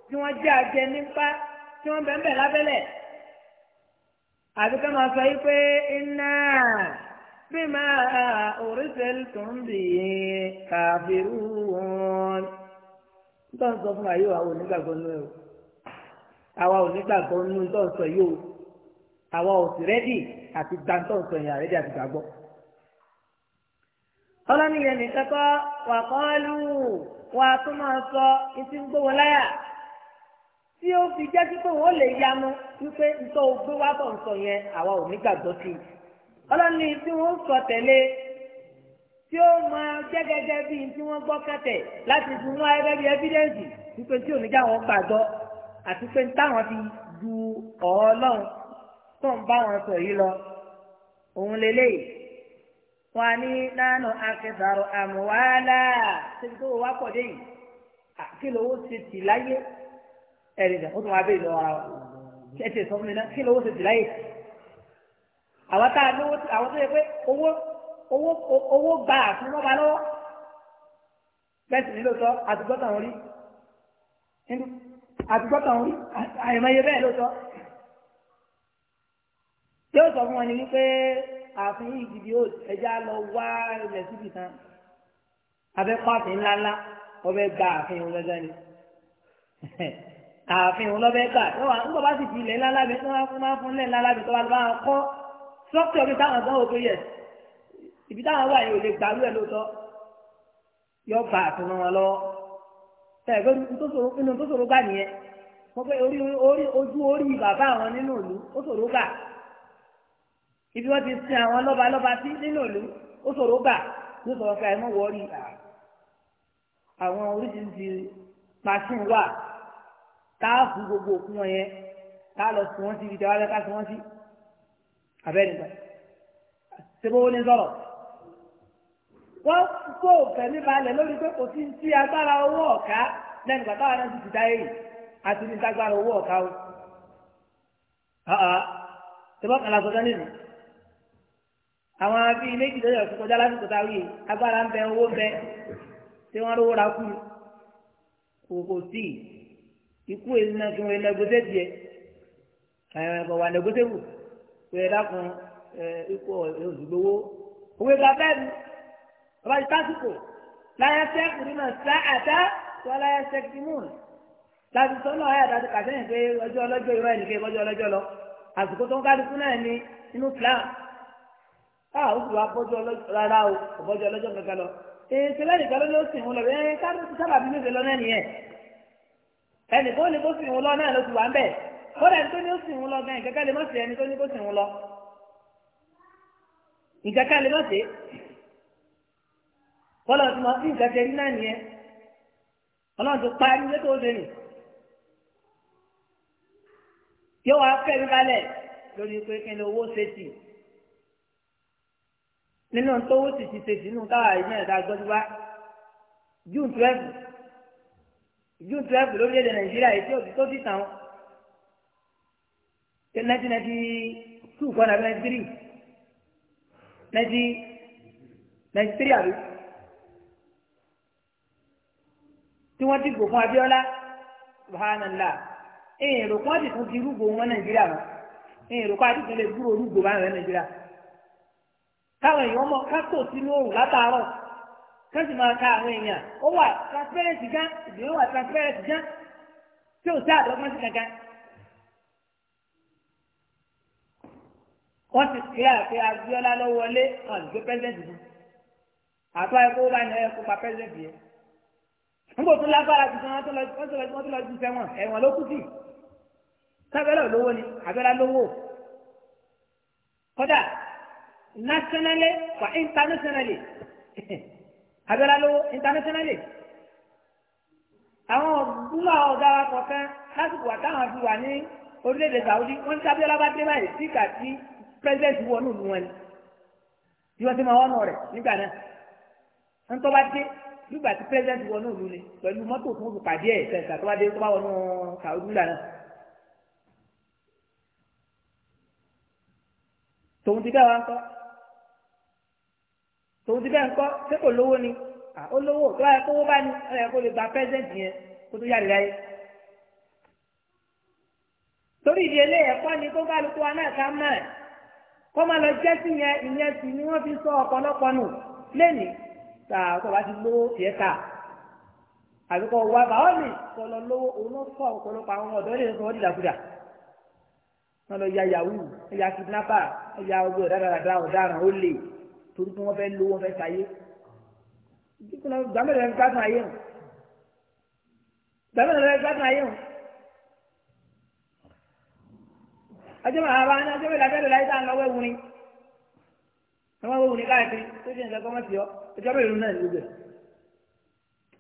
S2: tí wọ́n jẹ́ àjẹ nípa tí wọ́n bẹ̀ẹ̀ lábẹ́lẹ̀ àbí ká máa sọ yìí pé iná bí máa òrìṣẹ́ tó ń bì í kàfírù wọn. tó ń sọ fún wa yóò àwọn onígbàgbọ́ nù ẹ̀ o àwa onígbàgbọ́ nù tó ń sọ yóò àwa ò sì rẹ́dì àti gbàǹtọ̀ sọ yẹn àrẹ́dẹ́ àti gbàgbọ́. ọlọ́ni yẹn nìkan kọ́ wà kọ́ lù wà tó máa sọ etí ń gbówó láyà tí ó fi jẹ́ pípé wọ́n lè yanu wípé nǹkan ò gbé wá bọ̀ nsọ yẹn àwa ò ní gbàgbọ́ sí i. ọlọ́ni tí wọ́n sọ tẹ̀lé tí ó máa jẹ́ gẹ́gẹ́ bíi tí wọ́n gbọ́ kẹtẹ̀ láti fi wọ́n ayẹ́gẹ́ bíi evidence wípé tí ò ní já wọn gbàgbọ́ àti pé táwọn fi ju ọ̀ọ́ lọ́hùn tó ń bá wọn sọ yìí lọ òun lélẹ́yìí wọn á ní nánú akẹsàrò àmúwálà síbi tó wà pọ̀ dé yìí kí lówó ti tì láyé ẹ̀rì dà ó tún wá bẹ́ẹ̀ lọ ara wa ẹ ti sọ fún mi náà kí lówó ti tì láyé àwọn tá a lówó àwọn tó yẹ pé owó owó owó gba àfúnmọ́ba lọ́wọ́ bẹ́ẹ̀ sì nílò sọ àtúgbọ́tàn orí àtúgbọ́tàn orí àyèmáyé bẹ́ẹ̀ ló yóò sọ fún wọn ni wípé ààfin yìí gidi ó ẹja lọ wá ilẹ̀ síbi kan abẹ́ pààfin ńláńlá ọbẹ̀ gba ààfin òun lọ́jọ́ ni ààfin òun lọ́bẹ̀ gbà nígbà bá sì fi ilẹ̀ ńláńlá mi tó máa fún ilẹ̀ ńláńlá mi tó bá lọ́wọ́ kọ́ sọ́kítọ̀ mi táwọn gbọ́ òkè yẹ ibi táwọn wà yìí ò lè gbàlú ẹ̀ lóòótọ́ yọ gba ààfin wọn lọ́wọ́ ẹgbẹ́ inú tó ṣòro gbà nìyẹn wọ́n pẹ́ orí ojú orí bàbá àwọn nínú ìlú ó ṣòro gbà ibi wọ́n ti sin àwọn lọ́ba lọ́ba sí nínú ìlú ó ṣòro gbà ló sọ̀rọ̀ fún àìmọ́ wọ́ọ̀rì àwọn oríṣiríṣi machine wà tá a fún gbogbo òkú wọn yẹn tá a lọ sí wọn sí ibi tí a wá fẹ́ ká sí wọn sí abẹ́rẹ́ nígbà ṣé bó ní sọ̀rọ̀ wọ́n kó fẹ̀mí balẹ̀ lórí pé kò sí sí agbára owó ọ̀ká lẹ́nu bàbá wa náà ti ti dáyé yìí àti ní agbára owó ọ̀ká o. ṣé bọ́ kàlà sọ́jọ́ nínú àwọn bíi méjì lórí ọ̀sùn kọjá lásìkò táwí yìí agbára ń bẹ owó ń bẹ tí wọ́n rówó ra kú kòkò sí ikú èyí náà kí wọ́n nẹgọ́sẹ̀ tiẹ̀ àwọn ẹ̀kọ́ wà nẹgọ́sẹ̀ wù pé dákun ikú òṣùgbówó òwe gba bẹ́ẹ̀ ni bàbá yìí tásìkò láyé sẹ́kù nínú sáàtà tó láyé sẹ́kù mú láti sọ náà ayé àtàtì kàtẹ́yìn pé ọjọ́ ọlọ́jọ́ ìrọ̀ ẹ̀ a ah, ó sì wá bọ́jú ọlọ́jọ́ rárá o kò bọ́jú ọlọ́jọ́ kankan lọ èsì lẹ́yìn ìgbà ló sì ń lọ bẹ́ẹ̀ sábà bí méje lọ náà nìyẹn ẹnì kó ní kó sì ń lọ náà ló ti wà ń bẹ̀ kódà ẹni tó ní ó sì ń lọ gan ìkẹ́kẹ́ lè má sí ẹni tó ní kó sì ń lọ ìkẹ́kẹ́ lè má sí tí mo fi ìkẹ́kẹ́ rí náà nìyẹn ọlọ́run tó parí ilé tó ṣe nì yóò wá fẹ́ mi balẹ̀ lórí pé kí owó ṣe tì nínú tówó sì ti ṣe sínú káwa ìmọ̀ ẹ̀dá gbọ́dọ̀ wá june twelve june twelve lórílẹ̀‐èdè nàìjíríà èyí tí ó ti tó ti tàn án nineteen ninety two kọ́nà bí ninety three ninety ninety three àbí tí wọ́n ti gbò fún Abíọ́lá subhanallah èèyàn èrò kan ti tún ti rúgbò wọn nàìjíríà wọn èèyàn èrò kan ti tún lè gbúrò rúgbò báyọ̀ nàìjíríà káwọn èèyàn mọ̀ kákò sínú òrùn látàárọ̀ ká sì máa ka àwọn èèyàn ó wà transparent gan ìdílé wà transparent gan tí ò sí àdọ́gbọ́n sí kankan. wọ́n ti kílẹ̀ àti Abíọ́lá lọ wọlé hàn gbé pẹ́sidẹ́ntì fún àtọ́ ẹ̀kọ́ bá ní ẹ̀kọ́ pa pẹ́sidẹ́ntì yẹn. nígbà tó lágbára ti sọ wọ́n tó lọ ju sẹ́wọ̀n ẹ̀wọ̀n ló kú sí. sábẹ́lẹ̀ lówó ni Abíọ́lá lówó. kódà nationally wa internationally abẹ́rẹ́ lówó internationally àwọn ọ̀gbúnmọ̀ ọ̀gára kọ̀ọ̀kan lásìkò àtàwọn ti wà ní orílẹ̀-èdè Saudi wọ́n ti sábẹ́ ọlọ́ba dé báyìí sí ìgbà tí president wọ inú ìlú wọn ni bí wọ́n ti máa wọ́n nù rẹ̀ nígbà náà ń tọ́ bá dé nígbà tí president wọ inú ìlú ni pẹ̀lú mọ́tò tó ń fi pàdé ẹ̀ sẹ̀ǹsà tó bá dé tó bá wọnú Saudi nígbà náà. tòun ti bẹ́ẹ̀ wá kọ́ tòun ti bẹ́ẹ̀ ń kọ́ ṣé kò lówó ni ó lówó tó bá yẹ kówó bá ní ó yẹ kó lè gba pẹ́sẹ́ǹtì yẹn kó tó yàrá yẹ. torí ìdí eléyẹ kọ́ ni kó kálukú wa náà ká mọ̀ ẹ̀ kó máa lọ jẹ́ sí yẹn ìyẹn sì ni wọ́n fi sọ ọ̀pọ̀lọpọ̀ nù lẹ́nì tá a kọ́ bá ti lówó tiẹ̀ ta àbí kọ́ wá bá ọ́ mi kọ́ lọ lówó òun ló fọ́ ọ̀pọ̀lọpọ̀ àwọn ọ̀dọ́ ilé ìfowópamọ́ dìdàkudà wọn lọ ya yahoo ya kidnapper ya ọgbẹ́ ọ̀daràn ọ̀daràn ó lè torí pé wọ́n fẹ́ lówó wọ́n fẹ́ sáyé gbàmẹ́rẹ̀ ń gbádùn ayé hàn gbàmẹ́rẹ̀ ń gbádùn ayé hàn ajọ́ màá bá ní ajọ́ mẹ́ta fẹ́ẹ́ láyé tá à ń lọ́wọ́ ewu ni wọ́n wọ́n ewu ni káàkiri tó ṣe nǹkan kọ́mọ́sì ọ́ ẹjọ́ mẹ́rin lónà ìlú bẹ̀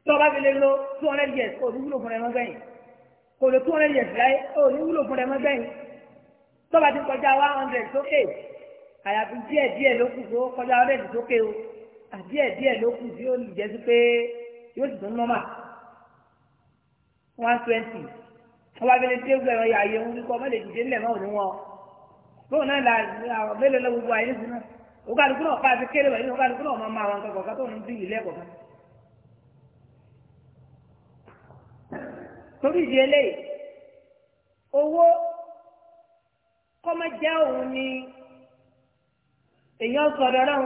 S2: tó o bá fi lè lo two hundred years kó o ní wúlò fún ẹ mọ́ gbẹ̀yìn kó o two hundred years láyé kó ní wúlò fún ẹ mọ́ gbẹ̀yìn tó o bá ti kọjá one hundred sókè àyàfi díẹ̀ díẹ̀ ló kù tó kọjá ọ̀rẹ́dì sókè o àdíẹ̀ díẹ̀ ló kù tí ó lè jẹ́ sí pé yóò sì tún nọ́mà one twenty wọ́n bá fẹ́lẹ́ dé gbẹ̀rọ ààyè òun kíkọ́ ọmọ lè dìde nílẹ̀ mọ́ òun wọn bóun náà la àwọn mélòó lọ gbogbo àyè sínú òkàlùkù náà fà á fi kéré wáyé òkàlùkù náà máa ma àwọn nǹkan kọ̀ọ̀kan tó ń bí ìlẹ́ kọ̀ọ̀kan. torí ìdí eléyìí owó kọ́mọ òun ni èèyàn sọ dọ́rọ́n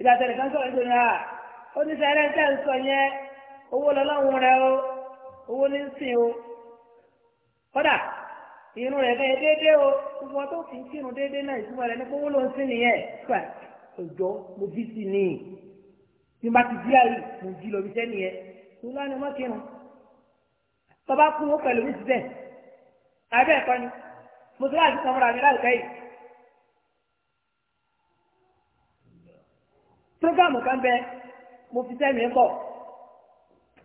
S2: ìdàtẹ̀ nìkan sọ̀rọ̀ nítorí ha ó ní sẹ́rẹ́ tẹ́ ń yẹn owó lọ́lọ́run rẹ o owó ní sìn o kódà irun rẹ̀ bẹ́ẹ̀ déédéé o gbogbo tó fi kírun déédéé náà ìtumọ̀ rẹ̀ ní kó ló ń sìn nìyẹn fà òjò mo bí sí ni bí n bá ti di àyè mo jí lọ bí sẹ́ni yẹn mo lánàá mọ́ kírun tọ́ba kú ó pẹ̀lú mi síbẹ̀ abẹ́ ẹ̀kọ́ ni mo ti láti sọmọ́ra mi láìpẹ́ yìí. programu kan bẹ mo fi sẹ́mi kọ̀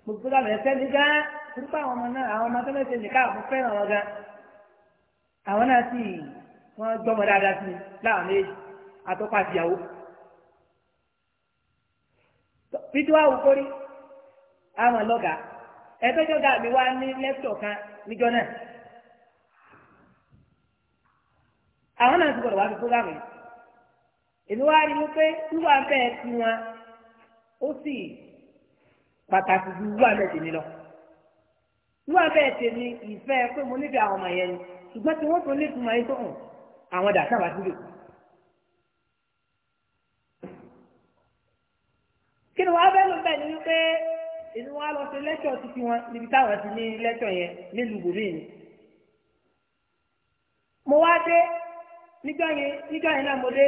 S2: mo fi programu yẹn sẹ́mi gan nípa àwọn ọmọ náà àwọn ọmọ tó mẹ́sẹ̀ nìkan mo fẹ́ràn wọn gan àwọn náà sì wọ́n gbọ́mọ dáadáa sí mi láwọn méjì àtọ́kọ àtìyàwó fídíò àwòkórí àwọn ọlọ́gà ẹgbẹ́jọ́ gà mí wá ní lẹ́tọ̀ kan níjọ náà àwọn náà ti gbọ́dọ̀ wá fi programu yìí èmi wá rí i pé wíwá bẹ́ẹ̀ ti wọn ó sì pàtàkì ju wíwá bẹ́ẹ̀ tèmi lọ wíwá bẹ́ẹ̀ tèmi ìfẹ́ pé mo nífẹ̀ẹ́ àwọn ọmọ yẹn ni ṣùgbọ́n tí wọ́n tó lé fún ma yín tó hàn àwọn dà sábà sílẹ̀ kù. kí ni wàá bẹ́ẹ̀ ló bẹ́ẹ̀ ni wípé èmi wá lọ sí lẹ́tọ̀ títí wọn níbi táwọn ti ní lẹ́tọ̀ yẹn nílùú bòmíì ni. mo wá dé nígbà yẹn nígbà yẹn náà mo dé.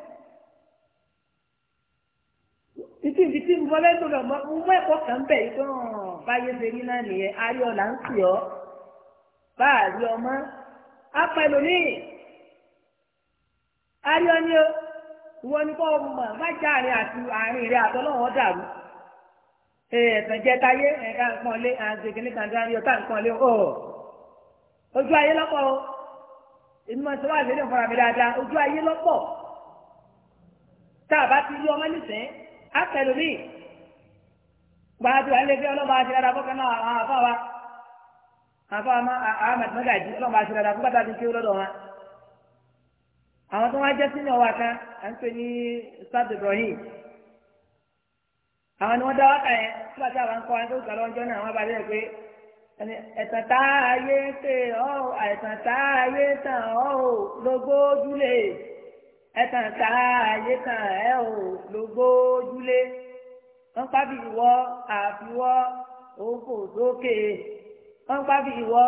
S2: tí ibi tí mo fẹ́ lò mọ́ mo ẹ̀kọ́ kan bẹ̀ yìí pé hàn báyé ṣe rí náà nìyẹn ayé ọ̀la ń sì ọ́ bá a rí ọmọ á pa ẹlòmíì ayé ọ ní o ìwọ ni kọ́ ọmọ mọ̀ má já àárín àti àárín rẹ àtọ́lọ́wọ́ dàrú ẹ̀ẹ̀sán jẹ́ táyé ẹ̀ka nǹkan lé àgbègbè níta ní ayé ọ̀tá nǹkan lé ọ̀ ojú ayé lọ́pọ̀ o èmi máa ń sọ wá ìlérí ọ̀fọ̀ràn mi dáadáa ojú ayé lọ́pọ̀ tá a bá ti rí ọmọ nísìnyí àtẹlómi gbàdúrà lè fi ọlọ́mọ àti dada fún kanáà àwọn afọ wa afọ àmọ́ Ahmed Magaji ọlọ́mọ àti dada fún kátàkì kí ó lọ́dọ̀ wọn. àwọn tó wá jẹ́ sínú ọwọ́ kan à ń pè ní Ustaz Ibrahim àwọn ni wọ́n dá wákà yẹn nígbà tí àwọn ń kọ́ wọn tó gbà lọ́jọ́ náà wọ́n bá dé pé ẹ̀tàn tá a yé tè ọ́ ẹ̀tàn tá a yé tàn ọ́ lógójúlé ẹtàn ká ayé kan ẹ ò lógójúlé wọn pàbí ìwọ àfiwọ òkò sókè wọn pàbí ìwọ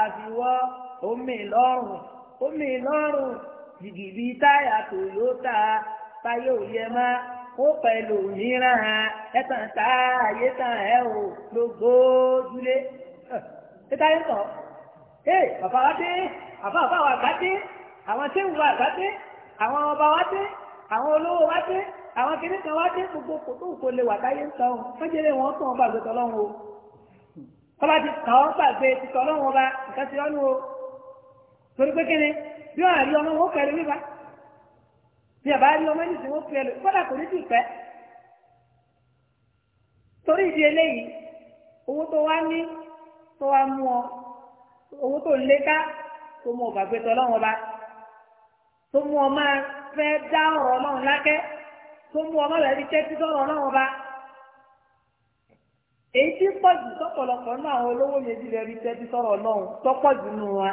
S2: àfiwọ omi lọ́rùn omi lọ́rùn jìgìbí táyà tòyótà táyà òye má ó pẹ̀lú mìíràn ẹtàn ká ayé kan ẹ ò lógójúlé ẹ táyà sọ ẹ bàbá wa dé àbá wa gbá àwọn tí ń wá àgbá àwọn ọba wá dé àwọn olówó wá dé àwọn kìnìún kan wá dé gbogbo kòtò kò lè wà láyé ń sọ ọ́n fẹ́jẹ̀rẹ̀ wọn kàn wọ́n gbàgbé tọ́lọ́run o tọ́ba ti kàn wọ́n gbàgbé ti tọ́lọ́run ọba nǹkan ti rọ́nu o torí pé kíni bí wọ́n àrí ọmọ wọn kẹrin nípa bí àbá rí ọmọ ní ìsìn wọn fi ẹlò kọ́dà kò ní ti pẹ́ torí ìdí eléyìí owó tó wá ní tó wá mú ọ owó tó ń lé ká tó mú ọ gbàgbé tọ́lọ́run ọba tó mú ọ máa fẹ́ dá ọ̀rọ̀ ọlọ́run lákẹ́ tó mú ọ máa bẹ̀rẹ̀ fi tẹ́tí sọ̀rọ̀ ọlọ́run ọba èyí tí pọ̀ jù tọ́pọ̀lọpọ̀ náà àwọn olówó yẹn ti rẹ̀ fi tẹ́tí sọ̀rọ̀ ọlọ́run tọ́pọ̀ jù nù wa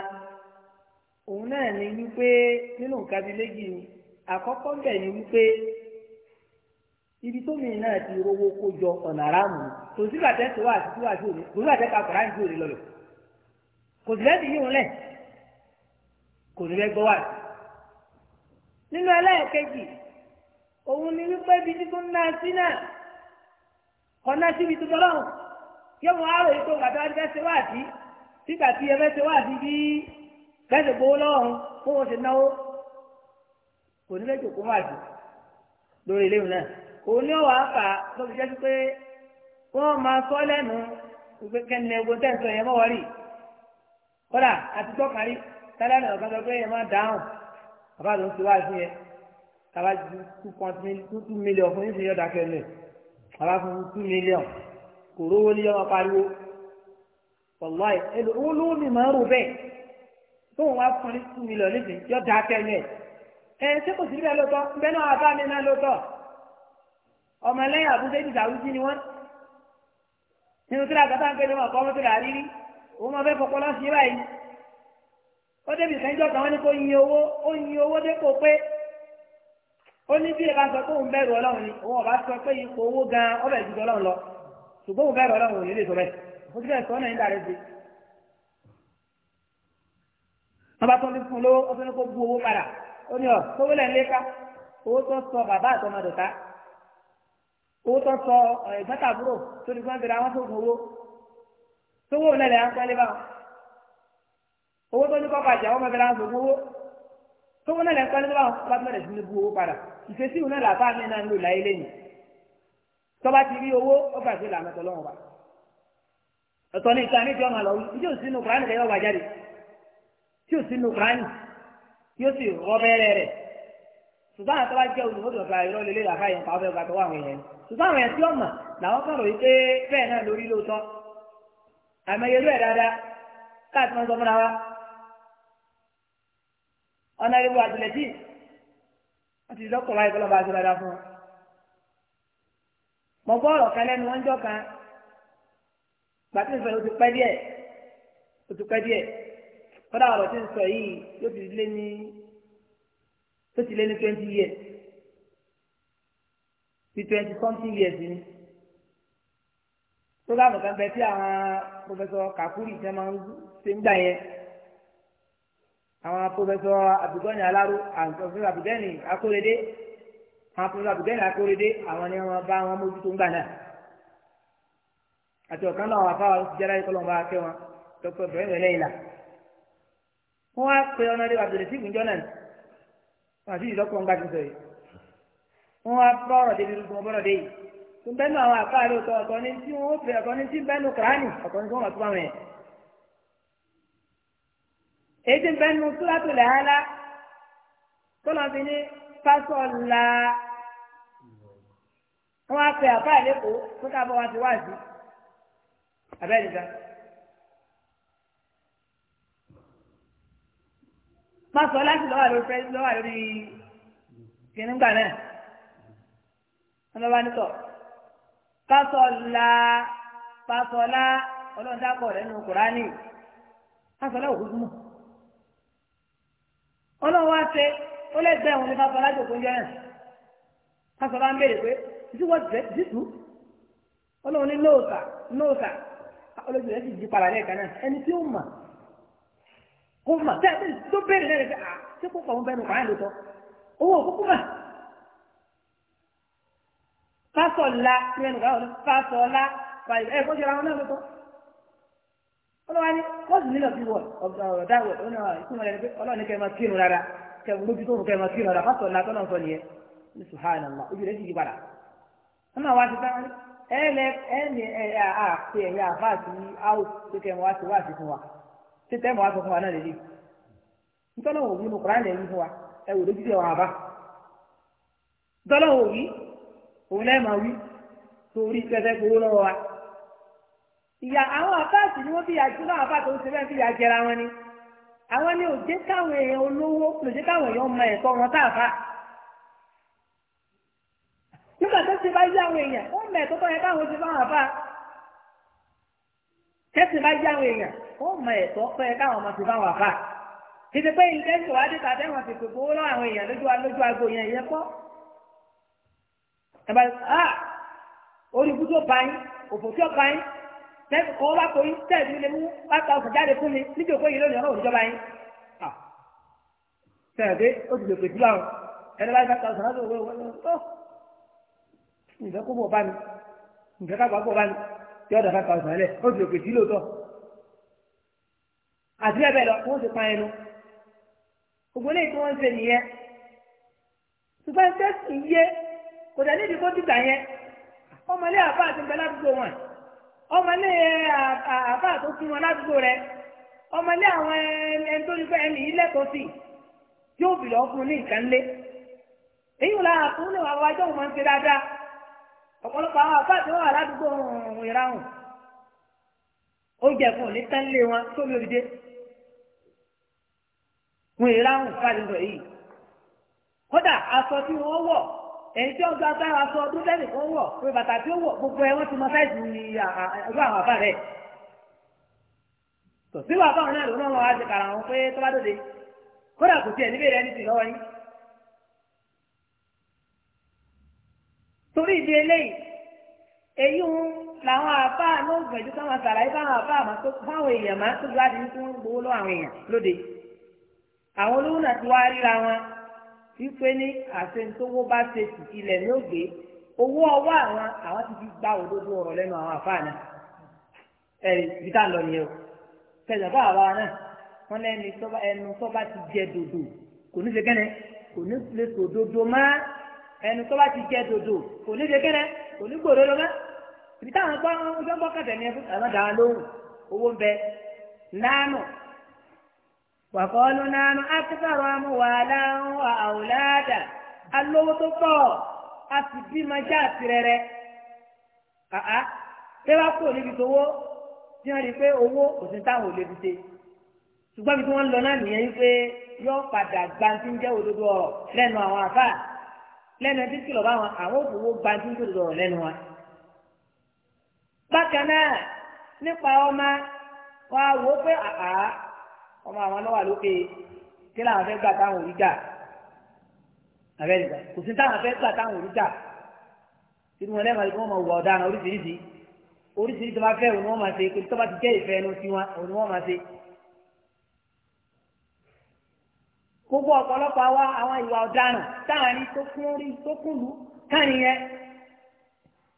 S2: òun náà ní wípé nínú nǹkan bíi ni àkọ́kọ́ bẹ̀ ni wípé ibi tó mi náà ti rówó kó jọ ọ̀nà aráàmù kò sí bàtẹ́ tó wà àti tó wà sí òde kò sí bàtẹ́ ká kọ̀ọ̀rá ní sí òde lọ́lọ́ kò sí lẹ́sìn yìí ń lẹ̀ kò sí lẹ́gbọ́ wà nínú ẹlẹ́ẹ̀kejì òun ni wípé ibi tí tó ń ná sí náà ọ̀nà síbi tó tọ́lọ́hùn yóò mú àárò yìí tó gbàdá ẹgbẹ́ ṣe wá àdí sígbà tí ẹgbẹ́ ṣe wá àdí bí bẹ́ẹ̀ gbowó lọ́rùn fún wọn ṣe náwó kò ní lẹ́jọ́ kó máa lórí ilé náà òun ni ó wàá fà tó fi jẹ́ sí pé wọ́n máa sọ lẹ́nu ìgbé kẹ́ni ẹgbẹ́ tẹ̀sán yẹn mọ́ wọ́rì kódà àtijọ́ kárí tálẹ́ ọ̀gá bàbá ló ń ti wáyé fún yẹn
S1: kaba ju two point two two million fún yín yọ̀dà kẹ́lẹ̀ kaba fún two million kò rówó ní yọ̀mọ̀ pariwo wàláyé ẹlò owó lówó mi máa ń rò
S2: bẹ́ẹ̀ tó wọn wá fún ní two million níbi yọ̀dà kẹ́lẹ̀ ẹ ṣé kò sí bẹ́ẹ̀ lọ́tọ̀ bẹ́ẹ̀ náà bá mi náà lọ́tọ̀ ọmọ ẹlẹ́yìn àbúté ìdìjà wíjí ni wọ́n nínú tí a gbàtà ń pè ní wọn kọ́ ó débi ìsẹ́jọ́ kan wọ́n ní kó yin owó ó yin owó dépò pé ó ní bí ìbá sọ pé òun bẹ̀rù ọlọ́run ni òun ọba sọ pé ipò owó gan ọbẹ̀ ìdíjọ ọlọ́run lọ ṣùgbọ́n òun bẹ̀rù ọlọ́run òun lè sọ bẹ́ẹ̀ ó ti bẹ̀rẹ̀ sọ náà nígbà rẹ̀ sí. wọ́n bá tún ní fún lówó ó tún ní kó bu owó padà ó ní ọ̀ sówó lẹ́ léka owó tó sọ bàbá àtọmọdọ̀ta owó tó sọ ẹ̀gbọ́n tàbúrò tó ní owó tó ní kọ́ bàjẹ́ àwọn ọmọ àwọn gbogbo owó tó wọn náà lẹ́ sọ́ni bá wọn bá bẹ̀rẹ̀ sí ní owó padà ìfèsì òun náà làbá mi náà láyé lẹ́yìn tọ́ba ti rí owó ó gbà sí ìlànà tọ́lọ́wọ́n wa ọ̀tọ̀ ní ìtàn níbi ọmọ lọ́wọ́ tí yóò sínú kúránì lẹ́yìn ọba jáde tí yóò sínú kúránì yóò sì rọ bẹ́ẹ̀rẹ̀ rẹ̀ ṣùgbọ́n àtọ́wá jẹ́ olùmọ̀tò ọ̀gá ìrọ̀ ọ̀nà ìbò àtìlẹ́tì wọ́n ti dọ́kọ̀ láì kọ́ lọ́ba àti dada fún wọn. mo gbọ́ ọ̀rọ̀ kan lẹ́nu wọ́n jọ kan gbàtí ń sọ o ti pẹ́ díẹ̀ o ti pẹ́ díẹ̀ kọ́dà ọ̀rọ̀ tí ń sọ yìí yóò ti lé ní tó ti lé ní twenty years
S1: ti twenty something years ni
S2: programu kan bẹ tí àwọn professor kakuri ṣe máa ń gbà yẹn àwọn pòfẹsọ àbùgọ́ni aláró àǹtọ̀fẹ́ àbùgẹ́ni akóredé àwọn pòfẹsọ àbùgẹ́ni akóredé àwọn ni wọn bá wọn mójútó ńgbà náà àti ọ̀kan náà wà fáwọn jẹ́rẹ́ ìkọlọ́ wọn akẹ́ wọn dr ibrahim ẹlẹ́yìnlá wọn wá pe ọ̀nàdé abdulrasheed ìgbìnjọ́ náà wọn àti ìdọ́kọ̀ ńgbà tó sọ yìí wọn wá bá ọ̀rọ̀ débi rúgbìn wọn bọ́rọ̀ dé yìí tó bẹ́ẹ̀ náà àwọn àfáà èyí tí ń bẹ nínú túlátù lẹ́hálà tó lọ́n fi ní pásọ̀ la wọ́n á pe àbá ìlẹ́kọ̀ọ́ tó kábọ̀ wá ti wá sí abẹ́ẹ̀dìgbà. má sọ láti lọ́wọ́ lórí fẹ́ lọ́wọ́ lórí kìnnìgbà náà wọ́n lọ́wọ́ sọ pásọ̀ la pásọ̀ la ọlọ́run dákọ̀ rẹ̀ kùránì pásọ̀ la òkú túmọ̀. ọlọ́run wá ṣe ó lẹ́gbẹ̀ẹ́ òun ní fáfọ́ alájòkó ń yọ̀yàn fáfọ́ bá ń béèrè pé ìdíwọ́ jìtú ọlọ́run ní nóòtà nóòtà olóògbé rẹ̀ sì jí padà lẹ́ẹ̀kan náà ẹni tí ó mà kó mà tẹ́lẹ̀ tó béèrè lẹ́yìn pé à ah, ṣé kó kọ̀ ń bẹnu pààyàn ló tọ́ owó òkúkú mà wọn náà ló what's the meaning of this word ọ̀nà ìtumọ̀ ni pé ọlọ́run ní kẹ́ máa kírun rárá kẹ́ mójú tó ń kẹ́ máa kírun rárá pásítọ̀ ọ̀nà àtọ́nà sọ nìyẹn ní subhanallah ojú rẹ̀ sì yí padà lẹ ní à pé ẹ̀yà pé kẹ́ wá sí wá sí fún wa ṣé tẹ́ wá sọ fún wa náà lè rí nítorí ìyá àwọn àbáàsì ni wọ́n fi yàjẹ́ náà àbá tó ń ṣe bẹ́ẹ̀ fi yàjẹ́ ra wọn ni àwọn ni òjé káwọn èèyàn olówó lòjé káwọn èèyàn ọmọ ẹ̀kọ́ wọn táàfà nígbà tó ṣe bá yí àwọn èèyàn ó mọ̀ ẹ̀kọ́ tó yẹ káwọn ṣe fáwọn àbá tẹ́sí bá yí àwọn èèyàn ó mọ̀ ẹ̀kọ́ tó yẹ káwọn ọmọ ṣe fáwọn àbá títí pé ilé ìṣòwádìí tàbí àwọn ti pèpè owó lọ́wọ́ àwọn èèyàn lójú alójú agbo yẹn yẹ kọ́ ẹ̀ bá ah, orí ibùdó báyìí òfò tí ó báyìí lẹ́yìn kò wá pé tẹ́ẹ̀dì lè mú one thousand jáde fún mi níbi òkú yìí lónìí ọ̀nà òjọba yín. tẹ́ẹ̀dì ó ti lè pè jù láwọn ẹni bá yẹ five thousand láti òwe òwe tó ǹjẹ́ kó bọ̀ bá mi ǹjẹ́ ká bọ̀ bá mi tí ọ̀dà five thousand lẹ̀ ó ti lè pè jù lóòótọ́. àti bẹ́ẹ̀ bẹ́ẹ̀ lọ wọ́n ti pa ẹnu gbogbo eléyìí tí wọ́n ń ọmọlé àbá tó fún wọn ládùúgbò rẹ ọmọlé àwọn ẹni tó ní pé ẹni yìí lẹ́kọ̀ọ́ sí yóò bì lọ́ fún ní ìkànnlé èyí wò lára fún ní àwọn ajọ́ wọn ṣe dáadáa ọ̀pọ̀lọpọ̀ àwọn àbá tó wà ládùúgbò ọ̀hún ó jẹ fún wọn tó lórí dé wọn yìí kódà aṣọ tí wọ́n wọ̀. E tí ọjọ́ agbára sọ ọdún lẹ́nu kan wọ̀ pé bàtà tí ó wọ̀ gbogbo ẹ wọ́n ti mọ sáìsì ní ẹgbẹ́ àwọn àbá sí wàá báwọn náà náà wọn á ṣe kàrà wọn pé tó bá dòde kódà kò lọ́wọ́ yín. torí ìdí eléyìí èyí ń làwọn àbá náà gbẹ̀jú sàlàyé báwọn àbá èèyàn máa tó wípé ní àṣentówó bá ṣe sì ilẹ̀ owó ọwọ́ àwọn àwọn ti fi gba òdodo ọ̀rọ̀ lẹ́nu àwọn àfáàná tá à ń lọ nìyẹn o àwa náà ẹnu tó bá ti jẹ kò ní ṣe kẹ́nẹ́ kò ní má ẹnu ni ẹ fún àwọn lóhùn wàkọ́lù náà nu akíkàrọ̀ amúwàlá ń wà àwòláàdà alówó tó pọ̀ a sì bímọ já àtìrẹrẹ àá ṣé wàá kó níbi tó wó tí wọ́n rí i pé owó kò sí táwọn ò lè fi ṣe ṣùgbọ́n ibi tí wọ́n ń lọ náà nìyẹn pé yóò padà gbanti ń jẹ́ òdodo ọ̀rọ̀ lẹ́nu àwọn àfà lẹ́nu ẹbí kìlọ̀ bá wọn àwọn òfòwò gbanti ń jẹ́ òdodo ọ̀rọ̀ lẹ́nu wa. bákan náà nípa ọmọ wa wò ó pé àá ọmọ àwọn náà wà lókè kí làwọn fẹ́ gbà táwọn òrí gbà àbẹ́rẹ́ gbà kò sí táwọn fẹ́ gbà táwọn òrí gbà inú wọn lẹ́ẹ̀ma wọ́n máa wọ ọ̀daràn oríṣiríṣi oríṣiríṣi tó bá fẹ́ òun wọ́n máa ṣe pé tó bá ti jẹ́ ìfẹ́ ẹnu sí wọn òun wọ́n máa ṣe. gbogbo ọ̀pọ̀lọpọ̀ àwa àwọn ìwà ọ̀daràn táwọn ẹni tó kún rí tó kún lù káàní yẹn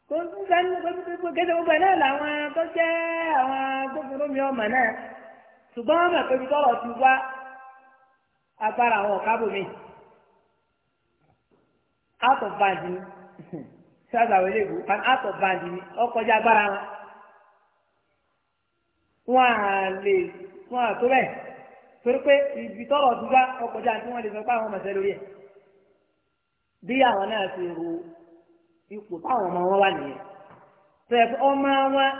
S2: kò ń gbẹ́nu gbẹ́gbẹ́ gbẹ́gbẹ́ náà làwọn tó jẹ́ àwọn gbogbo lómi ọmọ náà ṣùgbọ́n wọ́n mọ̀ pé ibi tọ́rọ̀ ti wá agbára àwọn ọ̀kábò mi out of band ni ṣáàzà wọlé ìbò an out of band ni ọkọjá agbára wọn wọn à lè wọn à tó bẹ́ẹ̀ torí pé ibi tọ́rọ̀ ti wá ọkọjá tí wọ́n lè fẹ́ pa àwọn ọmọọṣẹ́ lórí ẹ̀ bí àwọn náà ṣe ro ipò táwọn ọmọ wọn wà nìyẹn tẹ̀ ọmọ wọn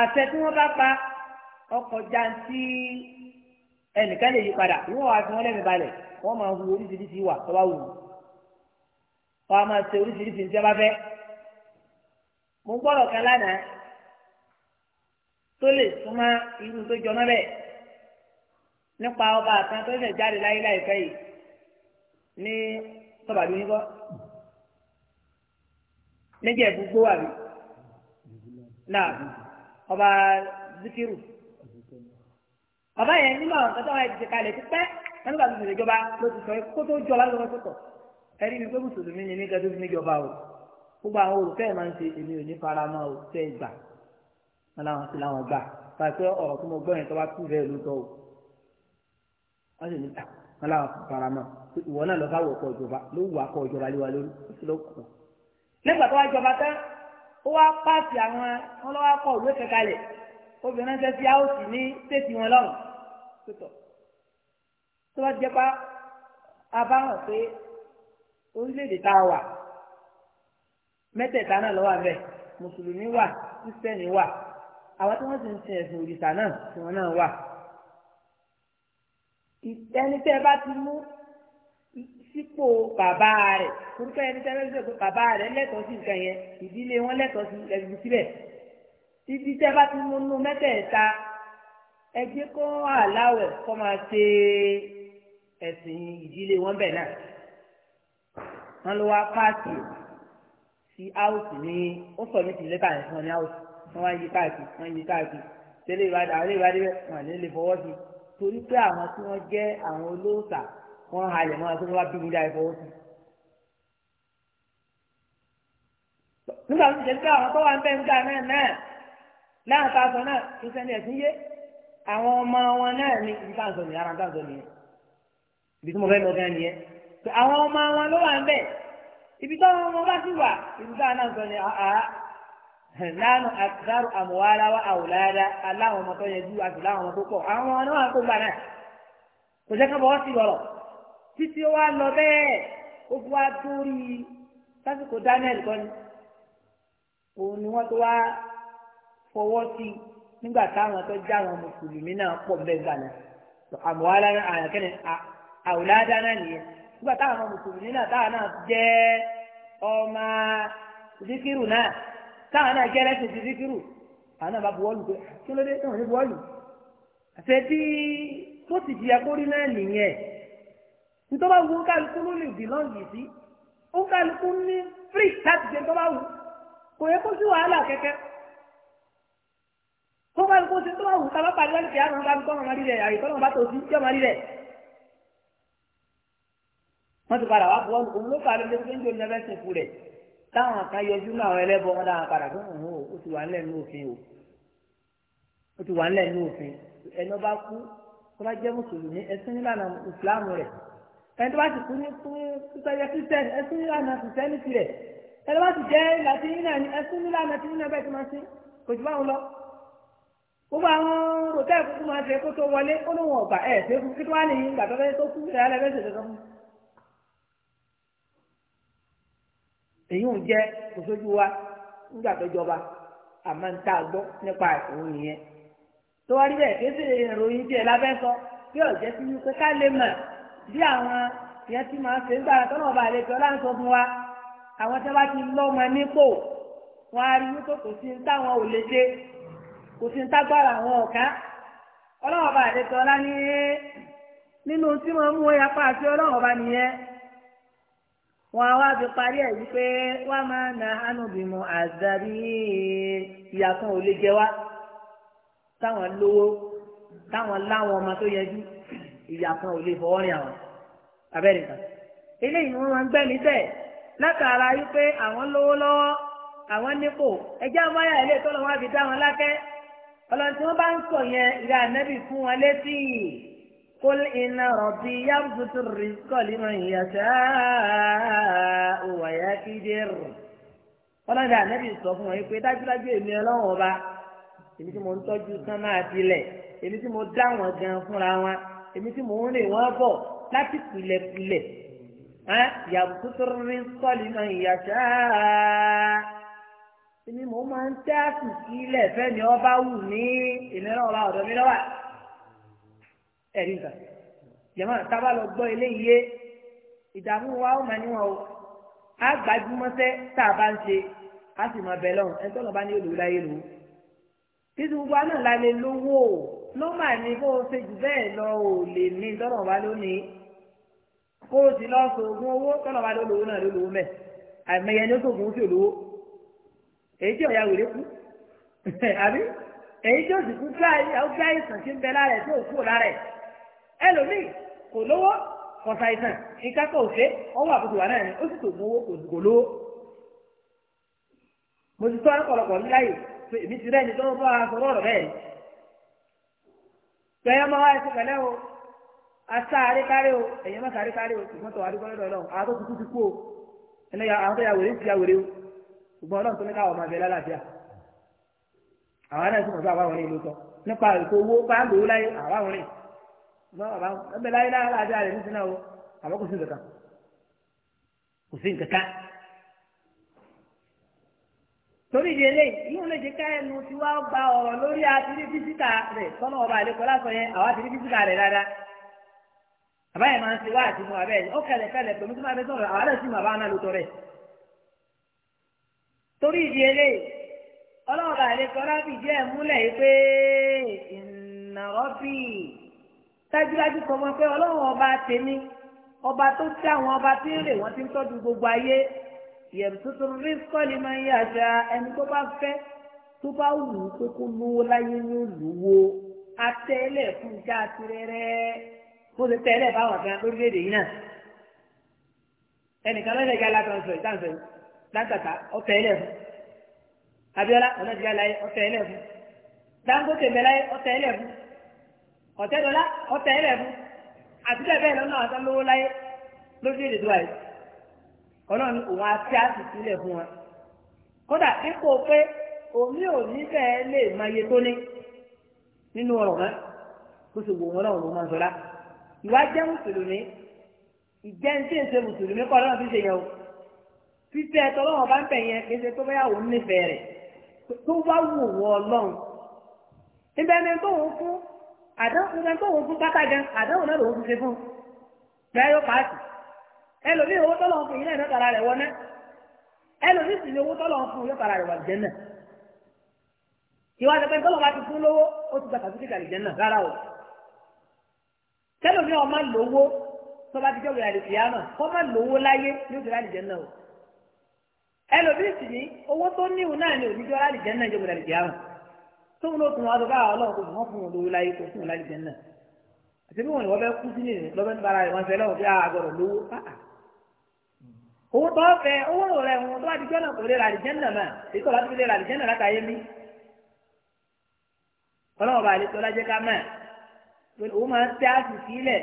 S2: àṣẹ tí wọ́n bá pa ọkọ̀ jantí ẹnìkan lè yí padà wọ́n wá fi wọ́n lẹ́mìí balẹ̀ wọ́n máa hu oríṣiríṣi wà tọ́ba wù wọ́n á máa ṣe oríṣiríṣi ní sẹ́bá fẹ́. mo gbọ́dọ̀ kan lánàá tó lè súnmọ́ irú tó jọ mọ́bẹ̀ nípa ọba àtàn tó lè jáde láyé láìpẹ́ yìí ní tọ́bàbí nígbọ́ níjẹ̀ gbogbo wà mí náà ọba zikiru bàbá yẹn nínú àwọn kẹta wọn ti kalẹ̀ tipẹ́ wọn bá tuntun ìjọba ló ti sọ kó tó jọba lọ́wọ́ tó
S1: ẹni ní pé mùsùlùmí ni mí kẹtó fún ìjọba o gbogbo àwọn olùfẹ́ máa ń ṣe èmi ò ní fara mọ́ o tẹ́ gbà wọn làwọn ti làwọn gbà pàṣẹ ọ̀rọ̀ tó mọ gbọ́ yẹn tó bá tún bẹ́ẹ̀ ló tọ́ o wọ́n sì ní ta ah, wọn làwọn fara mọ́ ìwọ náà lọ́ọ́ bá wọ̀ kọ́ ìjọba ló
S2: wù akọ́ ìjọba lé wa lórí ó sì ló kù. nígbà tó wá jọba tán ó wá pàṣẹ àwọn wọn akọ òwe kẹkalẹ̀ obìnrin ṣe sí áwòsì ní tètè wọn lọ́rùn tuntun tó bá jẹ́ pa abáhàn pé orílẹ̀-èdè tá a wà mẹ́tẹ̀ẹ̀ta náà lọ́wọ́ abẹ́ mùsùlùmí wà kristẹni wà àwọn tí wọ́n sì ń sin ẹ̀sìn òrìṣà náà tí wọ́n náà wà. ẹni tẹ́ ẹ bá ti mú sípò bàbá rẹ̀ kúrúkẹ́ ẹni tẹ́ ẹ bá ti sọ pé bàbá rẹ̀ lẹ́tọ̀ọ́ sí nǹkan yẹn ìdílé wọn lẹ́tọ̀ọ́ sí ẹ̀sìn síbẹ̀ títí tẹ́ bá ti mú nú mẹ́tẹ̀ẹ̀ta ẹ jẹ́ kó aláwẹ̀ kó máa ṣe ẹ̀sìn ìdílé wọn bẹ̀ náà wọn lọ wá páàkì sí áùsì ní ó sọ ní ti lẹ́tà yẹn fún wọn ní áùsì wọn wá yí káàkiri wọn yí káàkiri tẹ́lẹ̀ ìbàdàn àwọn ìbàdàn bẹ́ẹ̀ wọn ní lè fọwọ́ sí torí pé àwọn tí wọ́n jẹ́ àwọn olóòṣà wọ́n halẹ̀ mọ́ra tó wá bí mi dáa ìfọwọ́ sí. nígbà tó ti jẹ́ pé àwọn tó wà ń bẹ́ẹ̀ ń gbà náà náà láwọn tá a sọ náà tó sẹ́ni ẹ̀sìn yé àwọn ọmọ wọn náà ní ibi tá a sọ nìyẹn ara tá a sọ nìyẹn ibi tí mo fẹ́ lọ gan nìyẹn pé àwọn ọmọ wọn ló wà ń bẹ̀ ibi tó wọn bá sì wà ibi tá a náà sọ ni àá lánà àtàrò àmúwárá wa àwòláyàdá aláwọn ọmọ tó yẹ ju àti láwọn ọmọ tó pọ̀ àwọn ọmọ náà tó gbà náà kò jẹ́ bọ́ sí lọ́rọ̀ títí ó lọ bẹ́ẹ̀ ó fi wá dórí lásìkò Daniel kan òun ni wọ́n tó wá fọwọ́ sí nígbà táwọn tó já àwọn mùsùlùmí náà pọ̀ bẹ́ẹ̀ gbà náà àmọ́ wàhálà àyànkẹ́ni àwòládá náà nìyẹn nígbà táwọn ọmọ mùsùlùmí náà táwọn náà jẹ́ ọmọ zikiru náà táwọn náà jẹ́ ẹlẹ́sìn ti zikiru àwọn náà bá buwọ́lù pé kí ló dé táwọn ní buwọ́lù àti tí tó sì jìyà kórí náà nìyẹn nítorí wọn wú kálukú ló lè bìlọ́ǹgì sí ó kálukú ní free láti jẹ tó bá wù kò yẹ kó sí wàhálà kẹ́kẹ́ kó bá kó ṣe tó bá wù sábà pàdé láti fìyà máa bá mi kọ́ máa rí rẹ̀ àyè tọ́lọ́ bá tó sí jọ́ máa rí rẹ̀. wọ́n ti padà wá bọ́ òun ló parí lé fún ìjọba ẹ̀fẹ́ sìnkú rẹ̀ táwọn kan yọjú náà àwọn ẹlẹ́bọ wọn dáhùn padà fún òun o ó ti wà nílẹ̀ nínú òfin o ó ti wà nílẹ̀ nínú òfin ẹni ọba kú tó bá jẹ́ mùsùlùmí ẹsìn nílànà ìsìláàmù rẹ̀ ẹni tó bá ti kú ní fún sísẹ́yẹ kristẹni ẹsìn nílànà kristẹni tirẹ̀ ẹni tó bá ti jẹ́ latin ní ẹsìn nílànà tí nínú ẹgbẹ́ ti máa sin kò jù báwọn lọ gbogbo àwọn rotẹ́ kúkú máa ṣe kó tó wọlé ó lóun ọ̀gbà ẹ̀ ṣe fún kí tó wá nìyí ìgbà tó tó kú ẹ̀ alẹ́ fẹ́ẹ́ tuntun èyí ń jẹ́ òṣojú wa nígbà tó jọba àmọ́ ń tá gbọ́ nípa òun nìyẹn. tó wá rí bẹ́ẹ̀ kí ṣe ìròyìn tiẹ̀ lábẹ́ sọ bí ọ̀jẹ́ ti ní pé ká lè mọ̀ bí àwọn yẹn ti máa ṣe ń gbà tọ́nà ọba àlejò ọláńsọ fún wa àwọn tí wọ́n bá ti lọ́mọ kò sí tágbára àwọn ọ̀ká ọlọ́run ọba àdètò ọlá ní nínú tí mú ẹyà pa àti ọlọ́run nìyẹn wọn wá fi parí ẹ̀ wípé máa na anubimu àzàbí ìyàtọ̀ ò lè jẹ wá táwọn lówó táwọn láwọn ọmọ tó yẹjú ìyàtọ̀ ò lè fọwọ́ rìn àwọn abẹ́rẹ́ kan eléyìí ni wọ́n máa ń gbẹ́ níbẹ̀ látara wípé àwọn ọlọ́run tí wọ́n bá ń sọ yẹn ìrẹ́ ànẹ́bì fún wọn létí kul inna rabbi yabsutu rizqa liman yasha'u wa yaqdir ọlọ́run tí ànẹ́bì sọ fún wọn pé dájúdájú èmi ọlọ́run ọba èmi tí mo ń tọ́jú sán máa tilẹ̀ èmi tí mo dá wọn gan fúnra wọn èmi tí mo ń rè wọn bọ̀ láti pìlẹ̀pìlẹ̀ yabsutu rizqa liman yasha'u èmi mò ń máa ń tẹ́ àsìkí ilẹ̀ fẹ́ni ọba wù ní ìmíràn ọba ọ̀dọ̀ mi lọ́wọ́ ẹ̀rí nǹkan jẹ̀mọ́ tábà lọ gbọ́ eléyìí yé ìdààmú wa ó máa níwọ̀n o á gbajúmọ́sẹ́ tá a bá ń ṣe á sì máa bẹ̀ lọ́hùn ẹni tó lọ́ba ní olùwò láyé lò ó títí gbogbo àná la lè lówó o nọ́mà ni kó o ṣe jù bẹ́ẹ̀ lọ ò lè ní tọ́lọ̀ wa lónìí kó o sì lọ sògùn owó tọ́lọ̀ wa lólówó èyí tí ọ̀yà wèrè kú àbí èyí tí òsì kú gbá ọgbà ìsàn tí ń bẹ lára ẹ̀ tí ó kú lára ẹ̀ ẹlòmíì kò lówó kọ̀ọ̀sà ìsàn ìkákọ̀ òfé ọwọ́ àkókò wà náà ni ó sì tò mówó kò lówó. mo ti tọ́ ọ̀pọ̀lọpọ̀ pé èmi ti rẹ́ni tó ń bá ọ̀rọ̀ bẹ́ẹ̀. pẹ̀yẹ́ máa pẹ̀lẹ́ o àríkárí o o ṣùgbọ́n àríkárí ṣùgbọ́n ọlọ́run tó ní káwọn máa bẹ lálàáfíà àwọn náà sì mọ̀ sí àwọn àwọn ìlú sọ nípa ètò owó bá ń lòó láyé àwọn àwọn rìn ẹgbẹ́ láyé lálàáfíà rẹ̀ nísìnyá o àmọ́ kò sí nǹkan kò sí nǹkan torí ìdí eléyìí yíò lè jẹ ká ẹnu tí wàá gba ọ̀rọ̀ lórí àtìrí físíkà rẹ̀ sọ́nà ọba àlekọ́ lásán yẹn àwọn àtìrí físíkà rẹ̀ dáadáa àbáyé máa ń ṣe wá àti mú abẹ́ ó kẹlẹ̀ kẹlẹ̀ pẹ̀lú tí máa fẹ́ sọ̀rọ̀ àwọn àlẹ́ sì náà lò tọ́ torí ìdí eléyìí ọlọ́run bá lè sọ́ra fìdí ẹ̀ múlẹ̀ yìí pé ìnàrọ́bì dájúdájú kan mọ́ pé ọlọ́run ọba tèmi ọba tó tí àwọn ọba tí ń rè wọ́n ti ń tọ́jú gbogbo ayé yẹ̀rù tuntun rí kọ́lì máa ń yà já ẹni tó bá fẹ́ tó bá wù ú pé kó lówó láyé ní olùwò atẹ́lẹ̀ fún ìjà tirẹ̀rẹ́ bó tẹ́lẹ̀ báwọn kan lórílẹ̀‐èdè yìí náà ẹnìkan lọ́lẹ̀ gálá kan sọ ìtàn sọ yìí láǹkàtà ọ̀tẹ̀ ilẹ̀ fún Abíọ́lá ọ̀nàdìyà láyé ọ̀tẹ̀ ilẹ̀ fún Dangote mẹ́láyé ọ̀tẹ̀ ilẹ̀ fún ọ̀tẹ́dọ́lá ọ̀tẹ̀ ilẹ̀ fún àti bẹ́ẹ̀ bẹ́ẹ̀ lọ́nà àwọn lówó láyé lórílẹ̀-èdè tó wáyé ọlọ́run òun àti àtìsí ilẹ̀ fún wọn kódà dípò pé omi ò ní bẹ́ẹ̀ lè máa yẹ tó ní nínú ọ̀rọ̀ náà kó sì wò wọn náà ló máa sọ lá ìwà jẹ́ mùsùlùmí ìjẹ́ ń tí ń ṣe mùsùlùmí kọ́ ọlọ́run fi ṣe yẹn o fífẹ́ tọ́lọ́wọ́n bá ń bẹ̀ yẹn kì í ṣe tó bá yàwó nífẹ̀ẹ́ rẹ̀ tó bá wù wọ ọlọ́run níbẹ̀ ni tó wọ́n fún àdánwò náà tó wọ́n fún pátá gan àdánwò náà lòun fi ṣe fún bẹ́ẹ̀ yóò pàṣẹ ẹlòmíì owó tọ́lọ́wọ́n fún yìí náà tara rẹ̀ wọ́n náà ẹlòmíì sì ni owó tọ́lọ́wọ́n fún yóò tara rẹ̀ wà jẹ́ náà ìwà àtẹ̀pẹ́ tọ́lọ́ bá ti fún lówó ó ti gba sàtúkìkà lè jẹ́ náà rárá o tẹ́lòmíì ọmọ o ẹlòmíì sì ní owó tó níhùn náà ni òdìjọ́ alìjẹ́ náà ìjọba ìdàlìjẹ́ àrùn tóun ló tún wá lọ bá ọlọ́run kò fún wọn fún wọn lówó láyé kò fún wọn láyé jẹ́nà àti bí wọn ìwọ bẹ kú sílẹ̀ lọ́bẹ̀ ń bara rẹ̀ wọn fẹ́ lọ́wọ́ ah, bí àgọ́rọ̀ lówó pàà ah, ah. owó tó fẹ́ owó rẹ̀ wọn tó bá di jọ́nà kò lè ra àlìjẹ́nà mà èyí tó bá ti lè ra àlìjẹ́nà látàyé mi ọlọ́wọ́ bá àlè tó lájẹ́ ká mà òun máa ń tẹ́ àsì sílẹ̀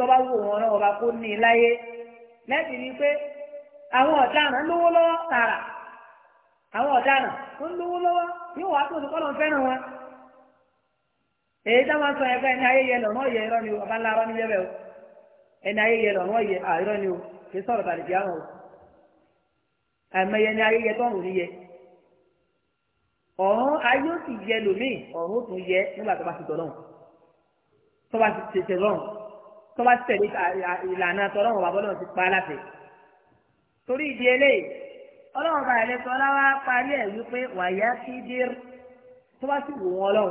S2: tó bá wù wọn ọlọ́wọ́ bá kó ní láyé lẹ́yìn ni pé àwọn ọ̀daràn lówó lọ́wọ́ tààrà àwọn ọ̀daràn ó ń lówó lọ́wọ́ yóò wá tó kọ́ lọ́n fẹ́ràn wọn. èyí tá máa ń sọ ẹgbẹ́ ẹni ayé yẹ lọ́nà ọ̀yẹ ni o bàbá ńlá arọ́ ní bẹ́ẹ̀ o ẹni ayé yẹ lọ́nà ọ̀yẹ ni o kì í sọ̀rọ̀ tàbí àwọn o. àìmọye ẹni ayé yẹ tọ́hún ní yẹ. ọ̀hún ayé ó sì yẹ lòmíì ọ̀hún ó tún yẹ nígbà tó bá ti tọ̀lọ́hún tó bá ti tẹ̀lọ́hún tó bá ti tẹ̀lé ìlànà tọ̀lọ́hún bàbá náà ti pa á láfẹ̀ẹ́ torí ìdí eléyìí ọlọ́run bá ilé sọ parí ẹ̀ wípé wàyà sí dír tó bá sì wò wọn lọ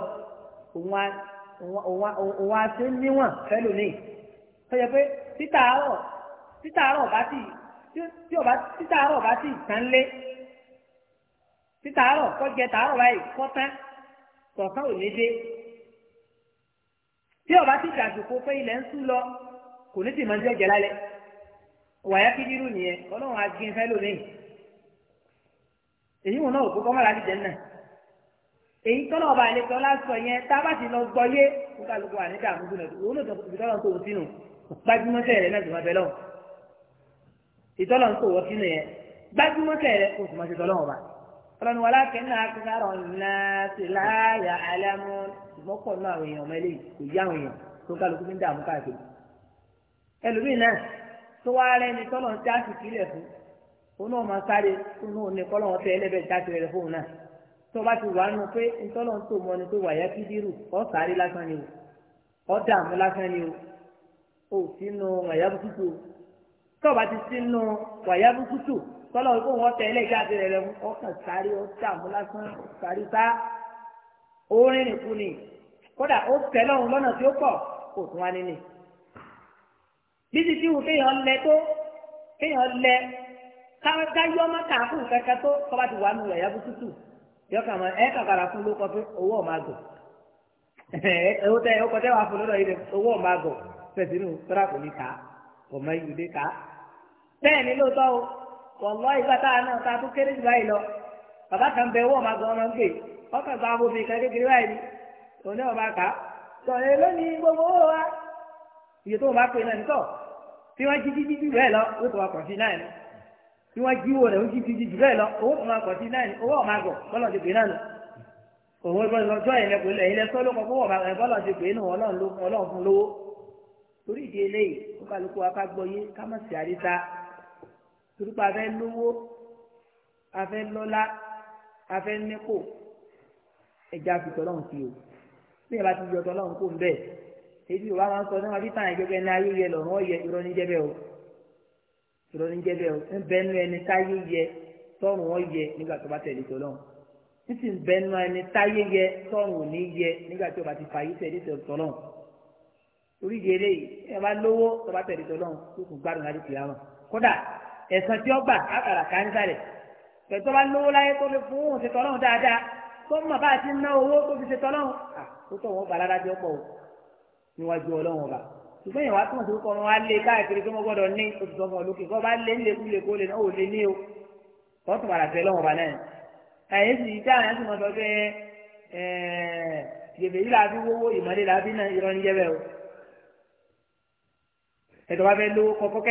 S2: òun á ti níwọ̀n fẹ́lò ní tọ́jà pé títàárọ̀ bá sì tán lé títàárọ̀ kọjẹ tàárọ̀ báyìí kọ́tán kọ̀ọ̀kan ò ní dé tí ọba sì dàgbò pé ilẹ̀ ń sú lọ kò ní sì máa ń jẹ́ ọ̀jẹ̀ lálẹ́ wàyà kíjírù nìyẹn ọlọ́run agin fẹ́ lónìí èyí wọn náà òkú kọ́mọ́lá ti jẹ́nà èyí tọ́lọ̀ ọba àlejò lásọ yẹn tá a bá ti lọ gbọ́ yé kó kálukú wà ní dààmú dùn ẹ̀dùn òun ló tọ́ ìtọ́lọ̀ tó wọ́n sínú gbajúmọ́ sẹ́yẹ̀ náà tó máa bẹ̀ lọ́wọ́ ìtọ́lọ̀ tó wọ́n sínú yẹn gbajúmọ́ sẹ́yẹ̀ kó tó máa ṣe tọ́lọ̀ ọba ọlọ́run wàlá kẹ́ńtà akẹ́kọ̀ọ́ ńlá sí láàyà alámú ìmọ̀pọ̀ náà àwọn èèyàn tó wá rẹ́ni tọ́lọ̀ ń tẹ́ àsìkò ilẹ̀ fún òun náà máa sáré òun náà kọ́lọ́ wọn tẹ ẹlẹ́bẹ̀ẹ́ jáde rẹ̀ fóun náà tó bá ti wà nù pé ntọ́lọ̀ ń tò mọ́ ni pé wàyà kí dírù ọ́ sáré lásán ni o ọ́ dààmú lásán ni o ò sínú wàyà bukutu tó bá ti sínú wàyà bukutu tọ́lọ̀ kó wọ́n tẹ ẹlẹ́bẹ̀ẹ́ jáde rẹ̀ fún ọ́ kàn sáré ọ́ dààmú lásán sáré sá orin nìkú ni kódà ó tẹ lọ́run lọ́nà tí ó pọ̀ kò tún wá nínú bísí tí wù kéèyàn lẹ tó kéèyàn lẹ káyọ́ má kà á tó kọ́ba ti wà nù rẹ̀ yẹ́bù tútù yọ kà máa ẹ kàkàrà fún ló kọ owó ọ̀ máa gọ̀ ẹ̀wọ́ tẹ ọkọ̀ tẹ fún yìí owó nù tọ́ra kò ní yìí dé bẹ́ẹ̀ ni lóòótọ́ o a náà ta tó bàbá kan bẹ ọ̀ ọmọ ń ọkọ̀ iye tó wọn bá pè náà nítọ̀ tí wọ́n jí jíjí jù bẹ́ẹ̀ lọ owó tó wọn kàn sí náà ni tí wọ́n jí owó rẹ̀ ó jí jíjí jù bẹ́ẹ̀ lọ owó tó wọn kàn sí náà ni owó ọ̀ máa gọ̀ ti pè náà nù òun lọ́jọ́ ẹ̀yìn lẹ́sọ́ ló kọ́ fún ọ̀rọ̀ bọ́lọ̀ ti pè nù ọlọ́run fún lówó torí ìdí eléyìí ó kálukú wa ká gbọ́ yé ká má sì àríta torípa afẹ́ lówó afẹ́ lọ́lá afẹ́ nípò ẹja fi tọ́lọ́run sí o bí ẹ bá ti yọ tọ́lọ́run kó ń bẹ́ẹ̀ ebi ìwà máa ń sọ náà bí táwọn ìjọba ẹni ayé yẹ lọ́rùn ọ̀yẹ irọ́ ní jẹ́bẹ̀ o irọ́ ní jẹ́bẹ̀ o ń bẹnu ẹni táyé yẹ tọ́rùn ọ̀yẹ nígbà tó bá tẹ̀lé tọ́lọ́run ń sì ń bẹnu ẹni táyé yẹ tọ́rùn òní yẹ nígbà tó bá ti fàyè tẹ̀lé tọ́lọ́run orí ìdí eléyìí ẹ bá lówó tó bá tẹ̀lé tọ́lọ́run tó kù gbádùn láti pè àwọn kódà ẹ̀sán tí wọ́n gbà lára jọ níwájú ọlọ́run ọba ṣùgbọ́n ìwà tó ń sọ kọ́ ọ wá lé káàkiri tó mọ́ gbọ́dọ̀ ní oṣù tó fọ́ lókè kọ́ bá lé nílé kó lè náà ò lè ní o kọ́ tó padà tẹ lọ́wọ́ ọba náà ẹ̀yẹ́ sì yí táwọn ẹ̀sìn mọ́tò pé gbèbè yìí làbí wówó ìmọ̀lẹ́ làbí náà irọ́ ní jẹ́bẹ̀ o ẹ̀tọ́ bá fẹ́ lówó kọ́kọ́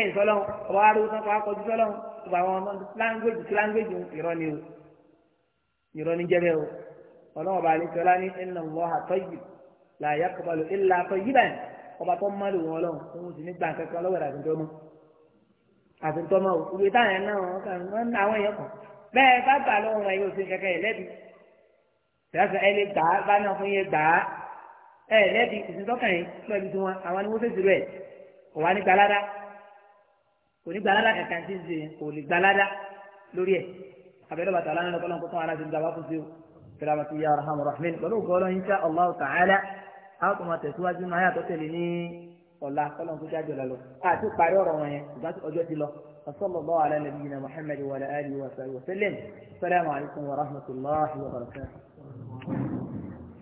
S2: kẹ́yìn sọ́lọ́run la yaqbalu illa tayyiban ọba tó má lò wọn lọ́wọ́ òun sì ní gbà kankan lọ́wọ́ àti ntọ́mọ́ àti ntọ́mọ́ o ìwé táyà náà wọn kà ń àwọn èèyàn kan bẹ́ẹ̀ bá bà lọ́wọ́ wọn yóò ṣe kẹ́kẹ́ yẹn lẹ́bi tẹ̀sán ẹ lè gbà á bá náà fún yẹn gbà á ẹ lẹ́bi ìsìntọ́kàn yìí pẹ̀lú tiwọn àwọn ni wọ́n fèsì rẹ̀ kò wá ní gbalada kò ní kankan tí ń ṣe lórí ẹ̀ abẹ́rẹ́ bàtà lánàá lọ́kọ́ lọ́kọ́ tó wọn aláṣẹ ìgbà wá fún sí o fẹ́rẹ́ àbàtì yà rahman rahman pẹ̀lú gọ́ọ́lọ́ insha Allah ta'ala a ó tún máa tẹ̀síwájú náà ayé àtọ́tẹ̀lẹ̀ ní ọ̀la kọ́lọ́n tó jáde ọ̀la lọ àti parí ọ̀rọ̀ wọn yẹn ìgbà ọjọ́ ti
S1: lọ وصلى الله على نبينا محمد وعلى اله وصحبه وسلم السلام عليكم ورحمه الله وبركاته